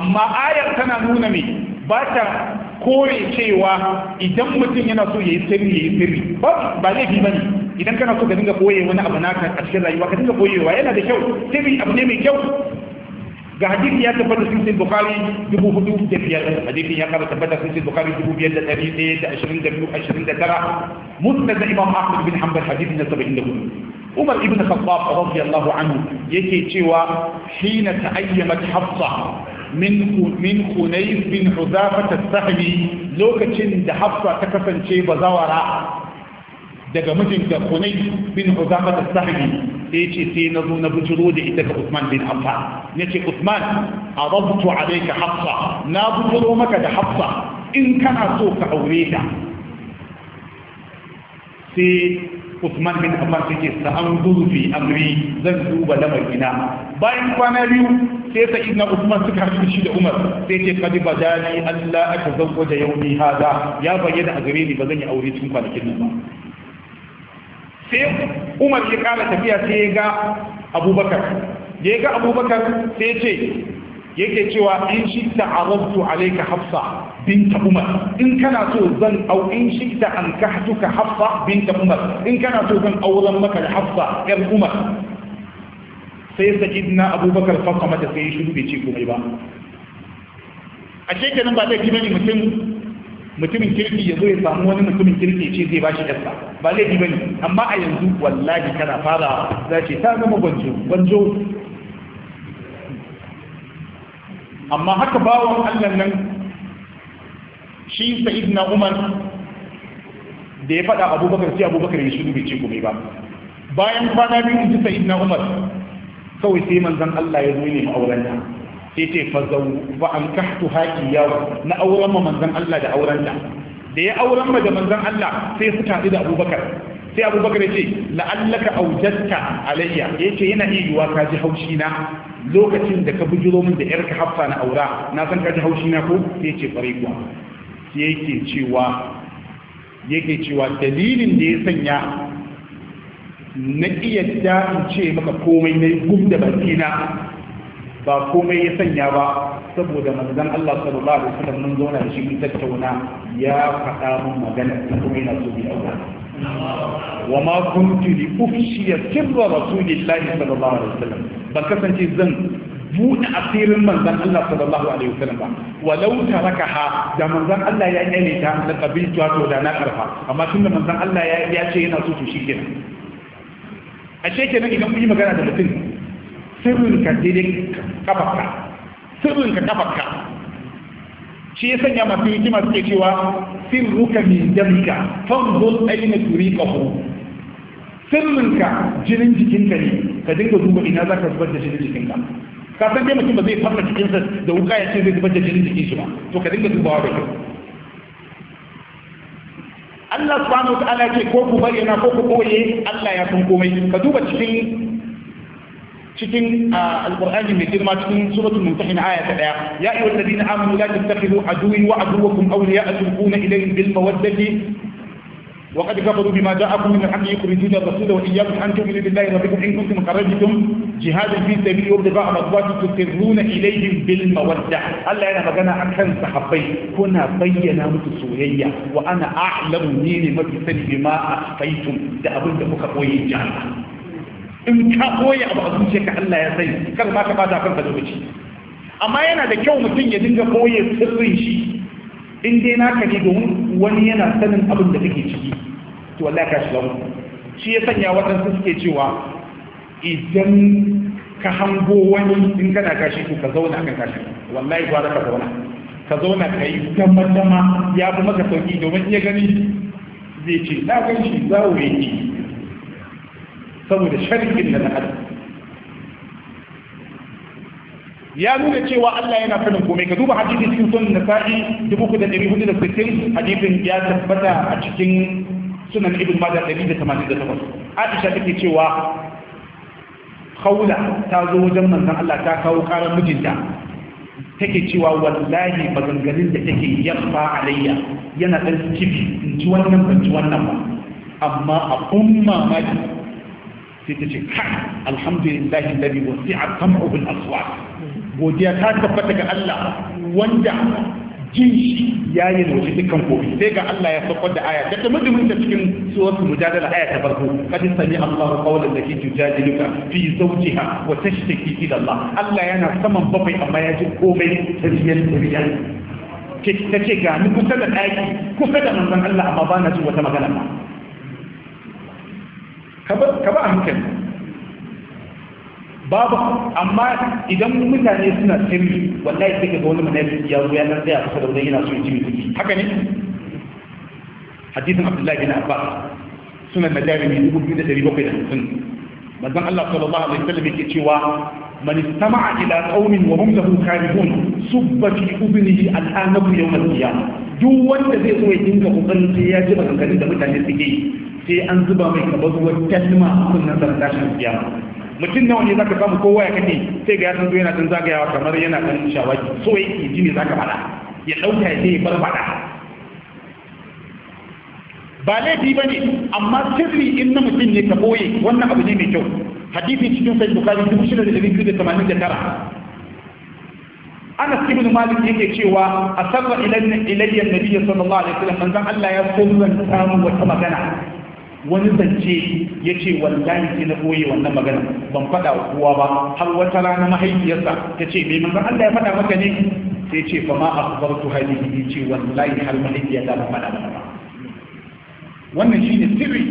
amma ayar tana nuna me ba ta kore cewa idan mutum yana so ya yi sirri ya yi sirri ba ba fi bane idan kana so ka dinga boye wani abu naka a cikin rayuwa ka dinga koyewa yana da kyau sirri abu ne mai kyau ga hadith ya ta sun sunan bukhari dubu hudu da biyar hadith ya ka ta sun sunan bukhari dubu biyar da dari daya da ashirin da biyu ashirin da tara musnad da imam ahmad bin hanbal hadith na saba'in da hudu umar ibn khattab radiyallahu anhu yake cewa hina ta'ayyamat hafsa min min hunayf bin hudafa as-sahmi lokacin da hafsa ta kasance bazawara daga mijinta hunayf bin hudafa as-sahmi da ya ce sai na zo na bujiro da ita ga Usman bin Affan ya ce Usman a rabutu hafsa na bujiro maka da hafsa in kana so ka aure ta sai Usman bin Affan sai sa an zurfi amri zan duba lamarina bayan kwana biyu sai sa idna Usman suka haɗu shi da Umar sai ce kadi badali Allah aka yau ni hada ya bayyana a gare ni ba zan yi aure cikin kwanakin nan ba sai umar ya kara tafiya sai ya ga abubakar ya ga abubakar sai ce yake cewa in shi ta arabtu alaika hafsa binta umar in kana so zan au in shi ta an ka hafsa binta umar in kana so zan auren maka da hafsa yar umar sai sajidna abubakar fasa mata sai ya shiru bai ce kuma ba a shekarun ba zai kima ne mutum mutumin kirki ya zo ya samu wani mutumin kirki ce zai bashi yarsa ba laifi bane amma a yanzu wallahi kana fara za ce ta zama gwanjo gwanjo amma haka bawon Allah nan shi Sa'id na Umar da ya faɗa Abubakar sai Abubakar ya shiru bai ce komai ba bayan kwana biyu in ji Sa'id na Umar kawai sai manzan Allah ya zo ne ma'auranta sai ce fa zau fa an kahtu haki yawo na auren ma manzon Allah da auren da da ya auren ma da manzon Allah sai suka haɗu da Abubakar sai Abubakar ya ce la'allaka aujatta alayya yace yana iya yuwa ka ji haushi na lokacin da ka bujiro min da yarka hafsa na aura na san ka ji haushi na ko sai ce bare kuwa sai yake cewa yake cewa dalilin da ya sanya na iya in ce maka komai na gumda da bakina ba komai ya sanya ba saboda manzan Allah sallallahu alaihi wasallam mun zauna da shi mun tattauna ya faɗa mun magana na kuma yana so bi aure wa ma kuntu li ufshiya sirra rasulillahi sallallahu alaihi wasallam ba kasance zan buɗe asirin manzan Allah sallallahu alaihi wasallam ba walau ha da manzan Allah ya yi ta da kabiltu to da na karfa amma tunda manzan Allah ya ce yana so to shikenan ashe kenan idan kun yi magana da mutum sirrinka daidai kafarka sirrinka kafarka shi ya sanya masu hikima suke cewa sirruka min jamka fanzul aina turiqahu sirrinka jinin jikinka ne ka dinga duba ina za ka zubar da jinin jikinka ka san dai mutum ba zai farka jikinsa da wuka ya ce zai zubar da jinin jikin shi ba to ka dinga dubawa da kyau Allah subhanahu wa ta'ala ce ko ku bayyana ko ku koye Allah ya san komai ka duba cikin cikin ah, alqur'ani mai girma cikin suratul mumtahin aya ta daya ya ayyuhal ladina amanu la tattakhidhu aduwwi wa aduwwakum awliya'a tulquna ilayhim bil mawaddati وقد كفروا بما جاءكم من الحق يخرجون الرسول واياكم ان تؤمنوا بالله ربكم ان كنتم خرجتم جهادا في سبيل وابتغاء مرضاتي تسرون اليهم بالموده الا انا مجانا عن كان صحابي كنا بينا متسويه وانا اعلم مني ما بما اخفيتم ده ابو ده بوي جهنم in ka koya abu a zuciya ka Allah ya sai kar ma ka bata kanka lokaci amma yana da kyau mutum ya dinga koye sirrin shi in dai naka ne domin wani yana sanin abin da kake ciki to wallahi ka shiga shi ya sanya waɗansu suke cewa idan ka hango wani in kana kashi to ka zauna kan kashi wallahi gwara ka zauna ka zauna ka yi dama dama ya fi maka sauki domin iya gani zai ce na gan shi zawo yake saboda sharhin da na adam ya nuna cewa Allah yana sanin komai ka duba hadisi cikin sunan nasa'i sittin. hadisin ya tabbata a cikin sunan ibn da takwas. Aisha take cewa haula ta zo wajen manzon Allah ta kawo karar mijinta take cewa wallahi maganganun da take yamma alayya yana ɗan kibi in ci wannan ban ci wannan ba amma a umma mamaki sai ta ce alhamdulillahi wa wasi'a sam'uhu al-aswat godiya ta tabbata ga Allah wanda jin shi ya yi da dukkan kofi sai ga Allah ya saukar da aya da ta mudumin da cikin suratul mujadala aya ta farko kadin sami Allah qawlan da kike jadiluka fi zawjiha wa tashtaki ila Allah Allah yana saman babai amma ya ji komai tariyar tariyar ta ce ga ni kusa da ɗaki kusa da manzon Allah amma ba na ji wata magana ba ka ba hankali babu amma idan mutane suna sirri wallahi sai ka ga wani mana ya zo ya nan tsaya kusa da wani yana so ya ji haka ne hadisin abdullahi bin abbas sunan na jarumi dubu biyu da dari bakwai da hamsin manzon allah sallallahu alaihi wasallam yake cewa man istama'a ila qaumin wa hum lahu karihun subba fi ubnihi al'anabu yawm al-qiyamah duk wanda zai so ya dinga kokarin sai ya ji maganganun da mutane suke yi sai an zuba mai kamar ruwan tasima a kunnan sa tashin kiyama mutum nawa ne ka samu kowa ya kake sai ga ya san yana tun zagayawa kamar yana kan shawaki so yake ji ne ka bada, ya ɗauka ya sai ya farfaɗa ba laifi ba ne amma sirri in na mutum ne ka boye wannan abu ne mai kyau hadisi cikin sai bukari dubu shida da ɗari biyu da tamanin da tara anas ibn malik yake cewa asarra ilayya nabiyyi sallallahu alaihi wasallam manzon Allah ya so zan samu wata magana wani zance ya ce wallahi sai na koye wannan magana ban faɗa wa kowa ba har wata rana mahaifiyarsa ta ce mai manzon Allah ya faɗa maka ne sai ce fa ma akhbartu ya ce wallahi har mahaifiyarsa ba faɗa maka ba wannan shine sirri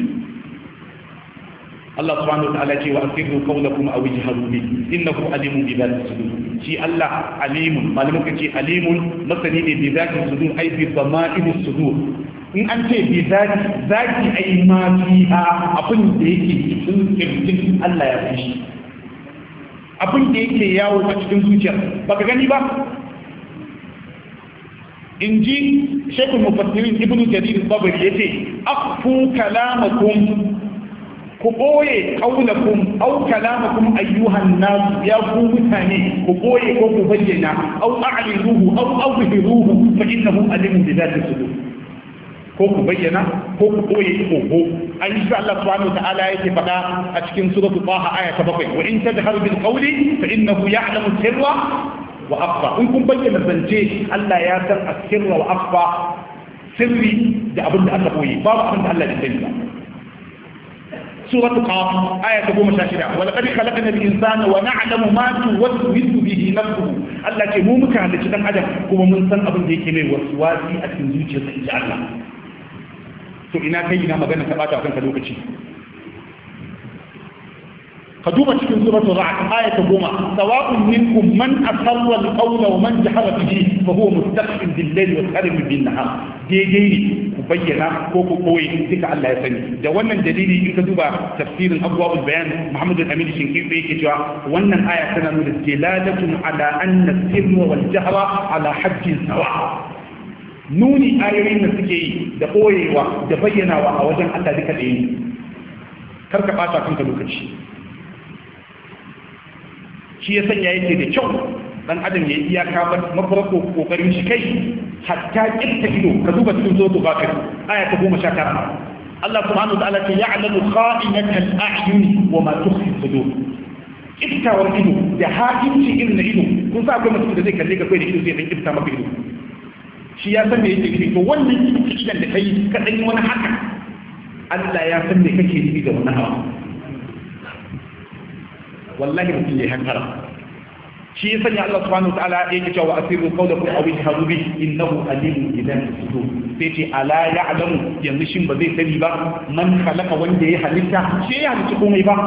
Allah subhanahu wa ta'ala ce wa asirru qawlakum aw ijharu bi innahu alimun bi dhati sudur shi Allah alimun malamin ka ce alimun masani ne bi dhati sudur ai bi dhama'in sudur in an ce bi zaki zaki ai ma fiha abin da yake cikin kirjin Allah ya fi shi abin da yake yawo a cikin zuciyar baka gani ba in ji shekul mufassirin ibn jarir babari yace afu kalamakum ku ɓoye ƙaunakun au kalamakum ayyuhan nasu ya ku mutane ku boye ko ku bayyana au a'linuhu au azhiruhu fa innahu alimun bi dhati sudur ko ku bayyana ko ku koye oho an shi Allah subhanahu ta'ala yake faɗa a cikin suratul Taha aya ta 7 wa in tadhharu bil qawli fa innahu ya'lamu sirra wa akhfa in kun bayyana zance Allah ya san asirra wa akhfa sirri da abin da aka koyi babu abin da Allah ya sani ba سورة قاف آية أبو مشاشرة ولقد خلقنا الإنسان ونعلم ما توسوس به نفسه الله كمومك على شيطان أدم كما من سن أبن wasi a cikin zuciyarsa شاء Allah. to ina kai na magana ka bata kanka lokaci ka duba cikin suratul ra'd aya ta goma sawa'un minkum man asarra al wa man jahara bihi fa huwa mustaqim bil-layli wa sarim bin-nahar daidai ne ku bayyana ko ku koyi duka Allah ya sani da wannan dalili in ka duba tafsirin abwaul bayan Muhammad al-Amin Shinkifi yake cewa wannan aya tana nuna dalalatun ala anna sirra wal jahra ala hajjin sawa nuni ayoyin da suke yi da ɓoyewa da bayyanawa a wajen Allah duka da ne kar ka ɓata kanka lokaci shi ya sanya yake da kyau dan adam ya iyaka mafarko kokarin shi kai hatta kirta ido ka duba cikin zo kai aya ta goma sha tara Allah subhanahu wa ta'ala ce ya'lamu kha'inatal a'yun wa ma tukhfi sudur kiftawar ido da hakinci irin na ido kun sa akwai mutum da zai kalle ka kai da ido zai dan kifta maka ido shi ya san me yake nufi to wannan idan da kai ka dan wani haka Allah ya san me kake nufi da wannan abu wallahi mutum ya hankara shi ya sanya Allah subhanahu wa ta'ala ya yake cewa asiru qawlakum aw ijharu bi innahu alimun bidan sudur sai ce ala ya'lamu yanzu shin ba zai sani ba man khalaqa wanda ya halitta shi ya halitta komai ba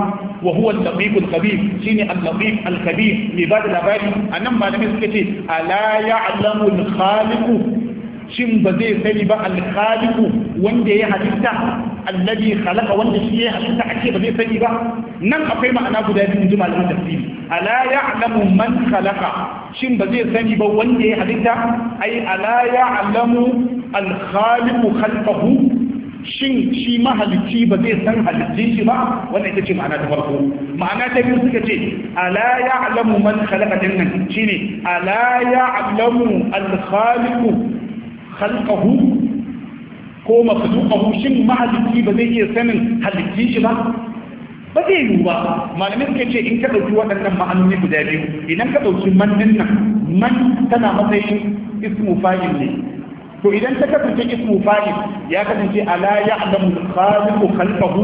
wa huwa al-latif khabir shine al-latif al-khabir mai ba da labari anan malamin suka ce ala ya'lamu al-khaliqu shin ba zai sani ba al-khaliqu wanda ya halitta allazi khalaqa wanda shi ya halitta ake ba zai sani ba nan akwai ma'ana guda biyu ji malaman tafsiri ala ya'lamu man khalaqa shin ba zai sani ba wanda ya halitta ai ala ya'lamu al khaliqu khalqahu shin shi mahalicci ba zai san halicci shi ba wannan ita ce ma'ana ta farko ma'ana ta biyu suka ce ala ya'lamu man khalaqa din nan shine ala ya'lamu al khaliqu khalqahu ko makhluqahu shin mahalicci ba zai iya sanin halittin shi ba ba zai yiwu ba Malamin suka ce in ka ɗauki waɗannan ma'anoni guda biyu idan ka ɗauki man ɗin nan man tana matsayin ismu fa'il ne to idan ta kasance ismu fa'il ya kasance ala ya'lamu khaliqu khalqahu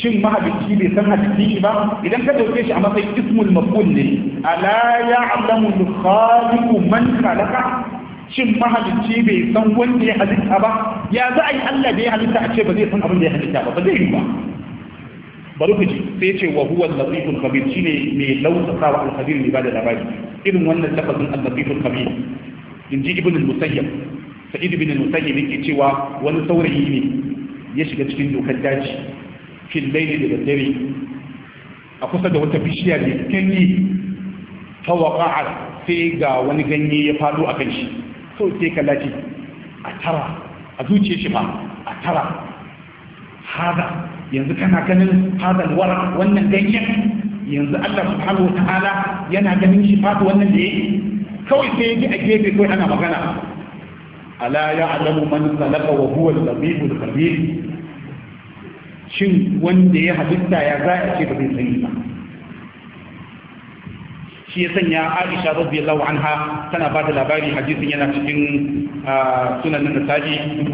shin mahalicci bai san hadisi ba idan ka ɗauke shi a matsayin ismul maf'ul ne ala ya'lamu khaliqu man khalaqa shin mahalicci bai san wanda ya halitta ba ya za a yi Allah da ya halitta a ce ba zai san abin da ya halitta ba ba zai yi ba bari ku ji sai ce wa huwa al-latiful khabir shine mai lautsa wa al-khabir ne ba da labari irin wannan lafazin al-latiful khabir inji ibn al-musayyib idi ibn al-musayyib yake cewa wani saurayi ne ya shiga cikin dokar daji fil layli da dare a kusa da wata bishiya ne fa waqa'a sai ga wani ganye ya fado akan shi so sai ka ce a tara a zuciya shi ba a tara hada. yanzu kana ganin hazal wara wannan ganyen yanzu Allah subhanahu wa ta'ala yana ganin shi fatu wannan da yake kawai sai yake a gefe kawai ana magana ala ya'lamu man khalaqa wa huwa al-latiful khabir shin wanda ya halitta ya za a ce ba zai sani ba shi ya sanya Aisha radiyallahu anha tana ba da labari hadisin yana cikin ah, sunan Nasa'i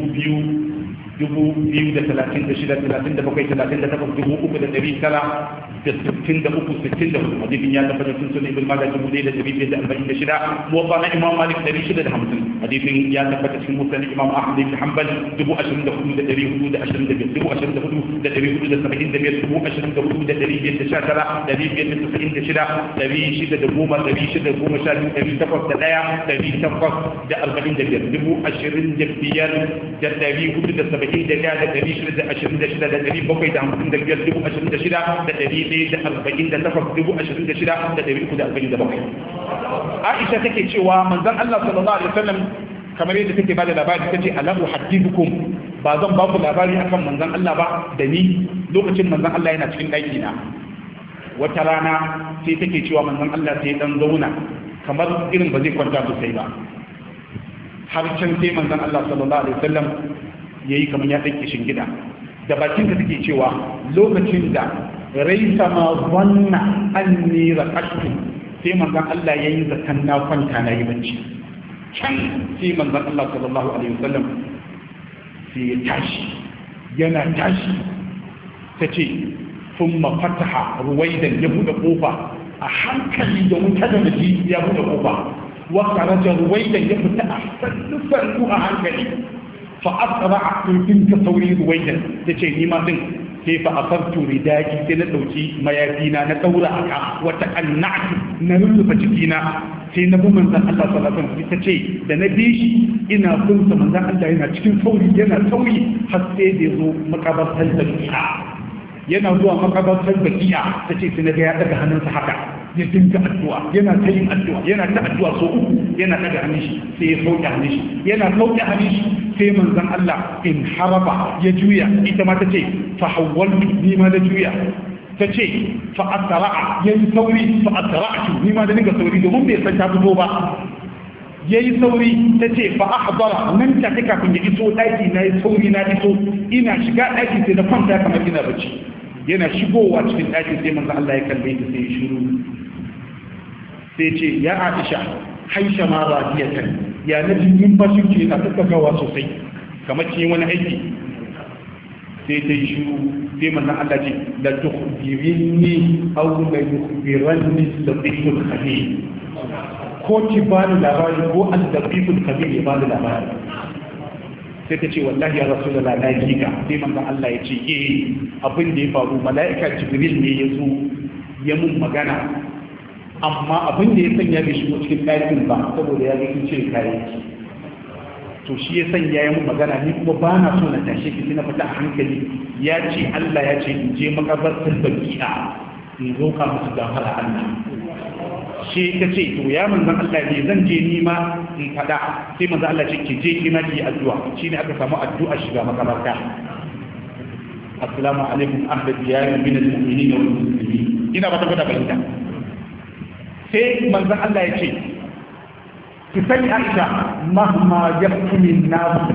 dubu biyu da talatin da shida talatin da bakwai talatin da takwas dubu uku da ɗari tara da sittin da uku sittin da hudu hadisin ya tabbata sun sunan ibn majah dubu ɗaya da ɗari biyar da arba'in da shida muwafa na imam malik ɗari shida da hamsin hadisin ya tabbata cikin musulun imam ahmad ibn hanbal dubu ashirin da hudu da ɗari hudu da ashirin da biyar dubu ashirin da hudu da ɗari hudu da saba'in da biyar dubu ashirin da hudu da ɗari biyar da sha tara ɗari biyar da saba'in da shida ɗari shida da goma ɗari shida da goma sha biyu ɗari takwas da ɗaya ɗari takwas da arba'in da biyar dubu ashirin da biyar da ɗari hudu da saba'in da ɗaya da ɗari shida da ashirin da shida da ɗari bakwai da hamsin da biyar dubu ashirin da shida da ɗari ɗaya da arba'in da takwas dubu ashirin da shida da ɗari uku da arba'in da bakwai. Aisha take cewa manzon Allah sallallahu alaihi wasallam kamar yadda take da labari tace alamu hadithukum ba zan ba ku labari akan manzon Allah ba da ni lokacin manzon Allah yana cikin ɗaki na wata rana sai take cewa manzon Allah sai dan zauna kamar irin ba zai kwanta sosai ba har can sai manzon Allah sallallahu alaihi wasallam yayi kamar ya ɗauke shingida da bakin da suke cewa lokacin da sama ma zanna anni raqashtu sai manzon Allah yi zakan na kwanta na yi bacci can sai manzon Allah sallallahu alaihi wasallam sai ya tashi yana tashi Ta tace thumma ruwai ruwaidan ya buɗe ƙofa a hankali da wuta da miji ya bude kofa wa ruwai da ya fita a sannu sannu a hankali fa asaba in in ta sauri ruwaida tace ni ma din sai fa asartu ridaki sai na dauki mayafi na na daura aka wata annatu na rullufa jikina sai na bi manzan Allah sallallahu alaihi wasallam ce da na bi shi ina kun sa manzan Allah yana cikin sauri yana sauri har sai da zo makabartar da yana zuwa makabartar da ta ce sai na ga ya daga hannunsa haka ya dinga addu'a yana ta yin addu'a yana ta addu'a so uku yana daga hannun shi sai ya sauke hannun shi yana sauke hannun shi sai manzon Allah in haraba ya juya ita ma ta ce fa hawwaltu ni ma da juya ta ce fa asra'a yayi sauri fa asra'tu ni ma da dinga sauri domin bai san ta fito ba ya yi sauri ta ce ba a hazara nan ta fi kafin ya iso ɗaki na yi sauri na iso ina shiga ɗaki sai na kwanta kamar ina bacci yana shigowa cikin ɗakin sai manzo Allah ya kalle ta sai ya shiru sai ce ya aisha haisha ma radiyatan ya na cikin basu ce a tuka gawa sosai kamar cikin wani aiki sai ta yi shuru sai manzan Allah ce da tukhbirinni aw la da dabikul khabir ko ki ba ni labari ko an da dabikul khabir ne ba ni labari sai ta ce wallahi ya rasu da lalaki ka sai manzan Allah ya ce eh abin da ya faru mala'ika jibril ne ya zo ya mun magana amma abin da ya sanya bai shigo cikin ɗakin ba saboda ya zai cin kayayyaki to shi ya sanya ya mun magana ni kuma ba na so na tashi ki sai na fita a hankali ya ce Allah ya ce in je makabartar baki'a in ka musu gafara Allah shi ta ce to ya manzan Allah ne zan je ni ma in faɗa sai manzan Allah ce ki je na ki addu'a shi ne aka samu addu'a shiga makabarta assalamu alaikum ahmad ya yi min al-mu'minin wal muslimin ina ba ta fada bayyana sai manzan Allah ya ce ki sani aisha mahma yaktumin nasu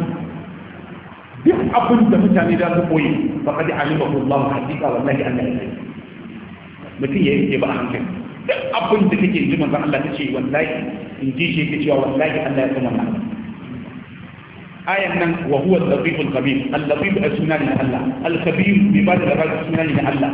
duk abin da mutane da su koyi ba kadi alimahu Allah hakika wallahi Allah ya sani mutum ya yi ba a hankali duk abin da kake ji manzan Allah ta ce wallahi in ji shi ke cewa wallahi Allah ya san wannan ayan nan wa huwa al-latif al-khabir al-latif sunan Allah al-khabir bi ba da sunan Allah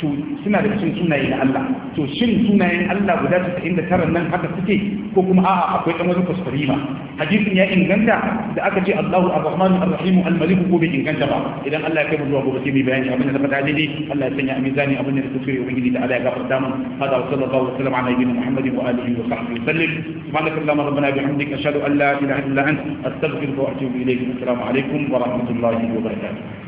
to suna da cikin sunaye na Allah to shin sunayen Allah guda 99 nan haka suke ko kuma a'a akwai dan wani kuskure ma hadisin ya inganta da aka ce Allahu Ar-Rahman Ar-Rahim Al-Malik ko bai inganta ba idan Allah ya kai mu zuwa gobe sai mu bayani abin da faɗa daidai Allah ya sanya a mizani abin da kuskure ubangiji da Allah ya gafarta mu hada wa sallallahu wa sallam ala nabiyyina Muhammad wa alihi wa sahbihi sallim subhanakallahumma rabbana bihamdika ashhadu an la ilaha illa anta astaghfiruka wa atubu ilayk assalamu alaikum wa rahmatullahi wa barakatuh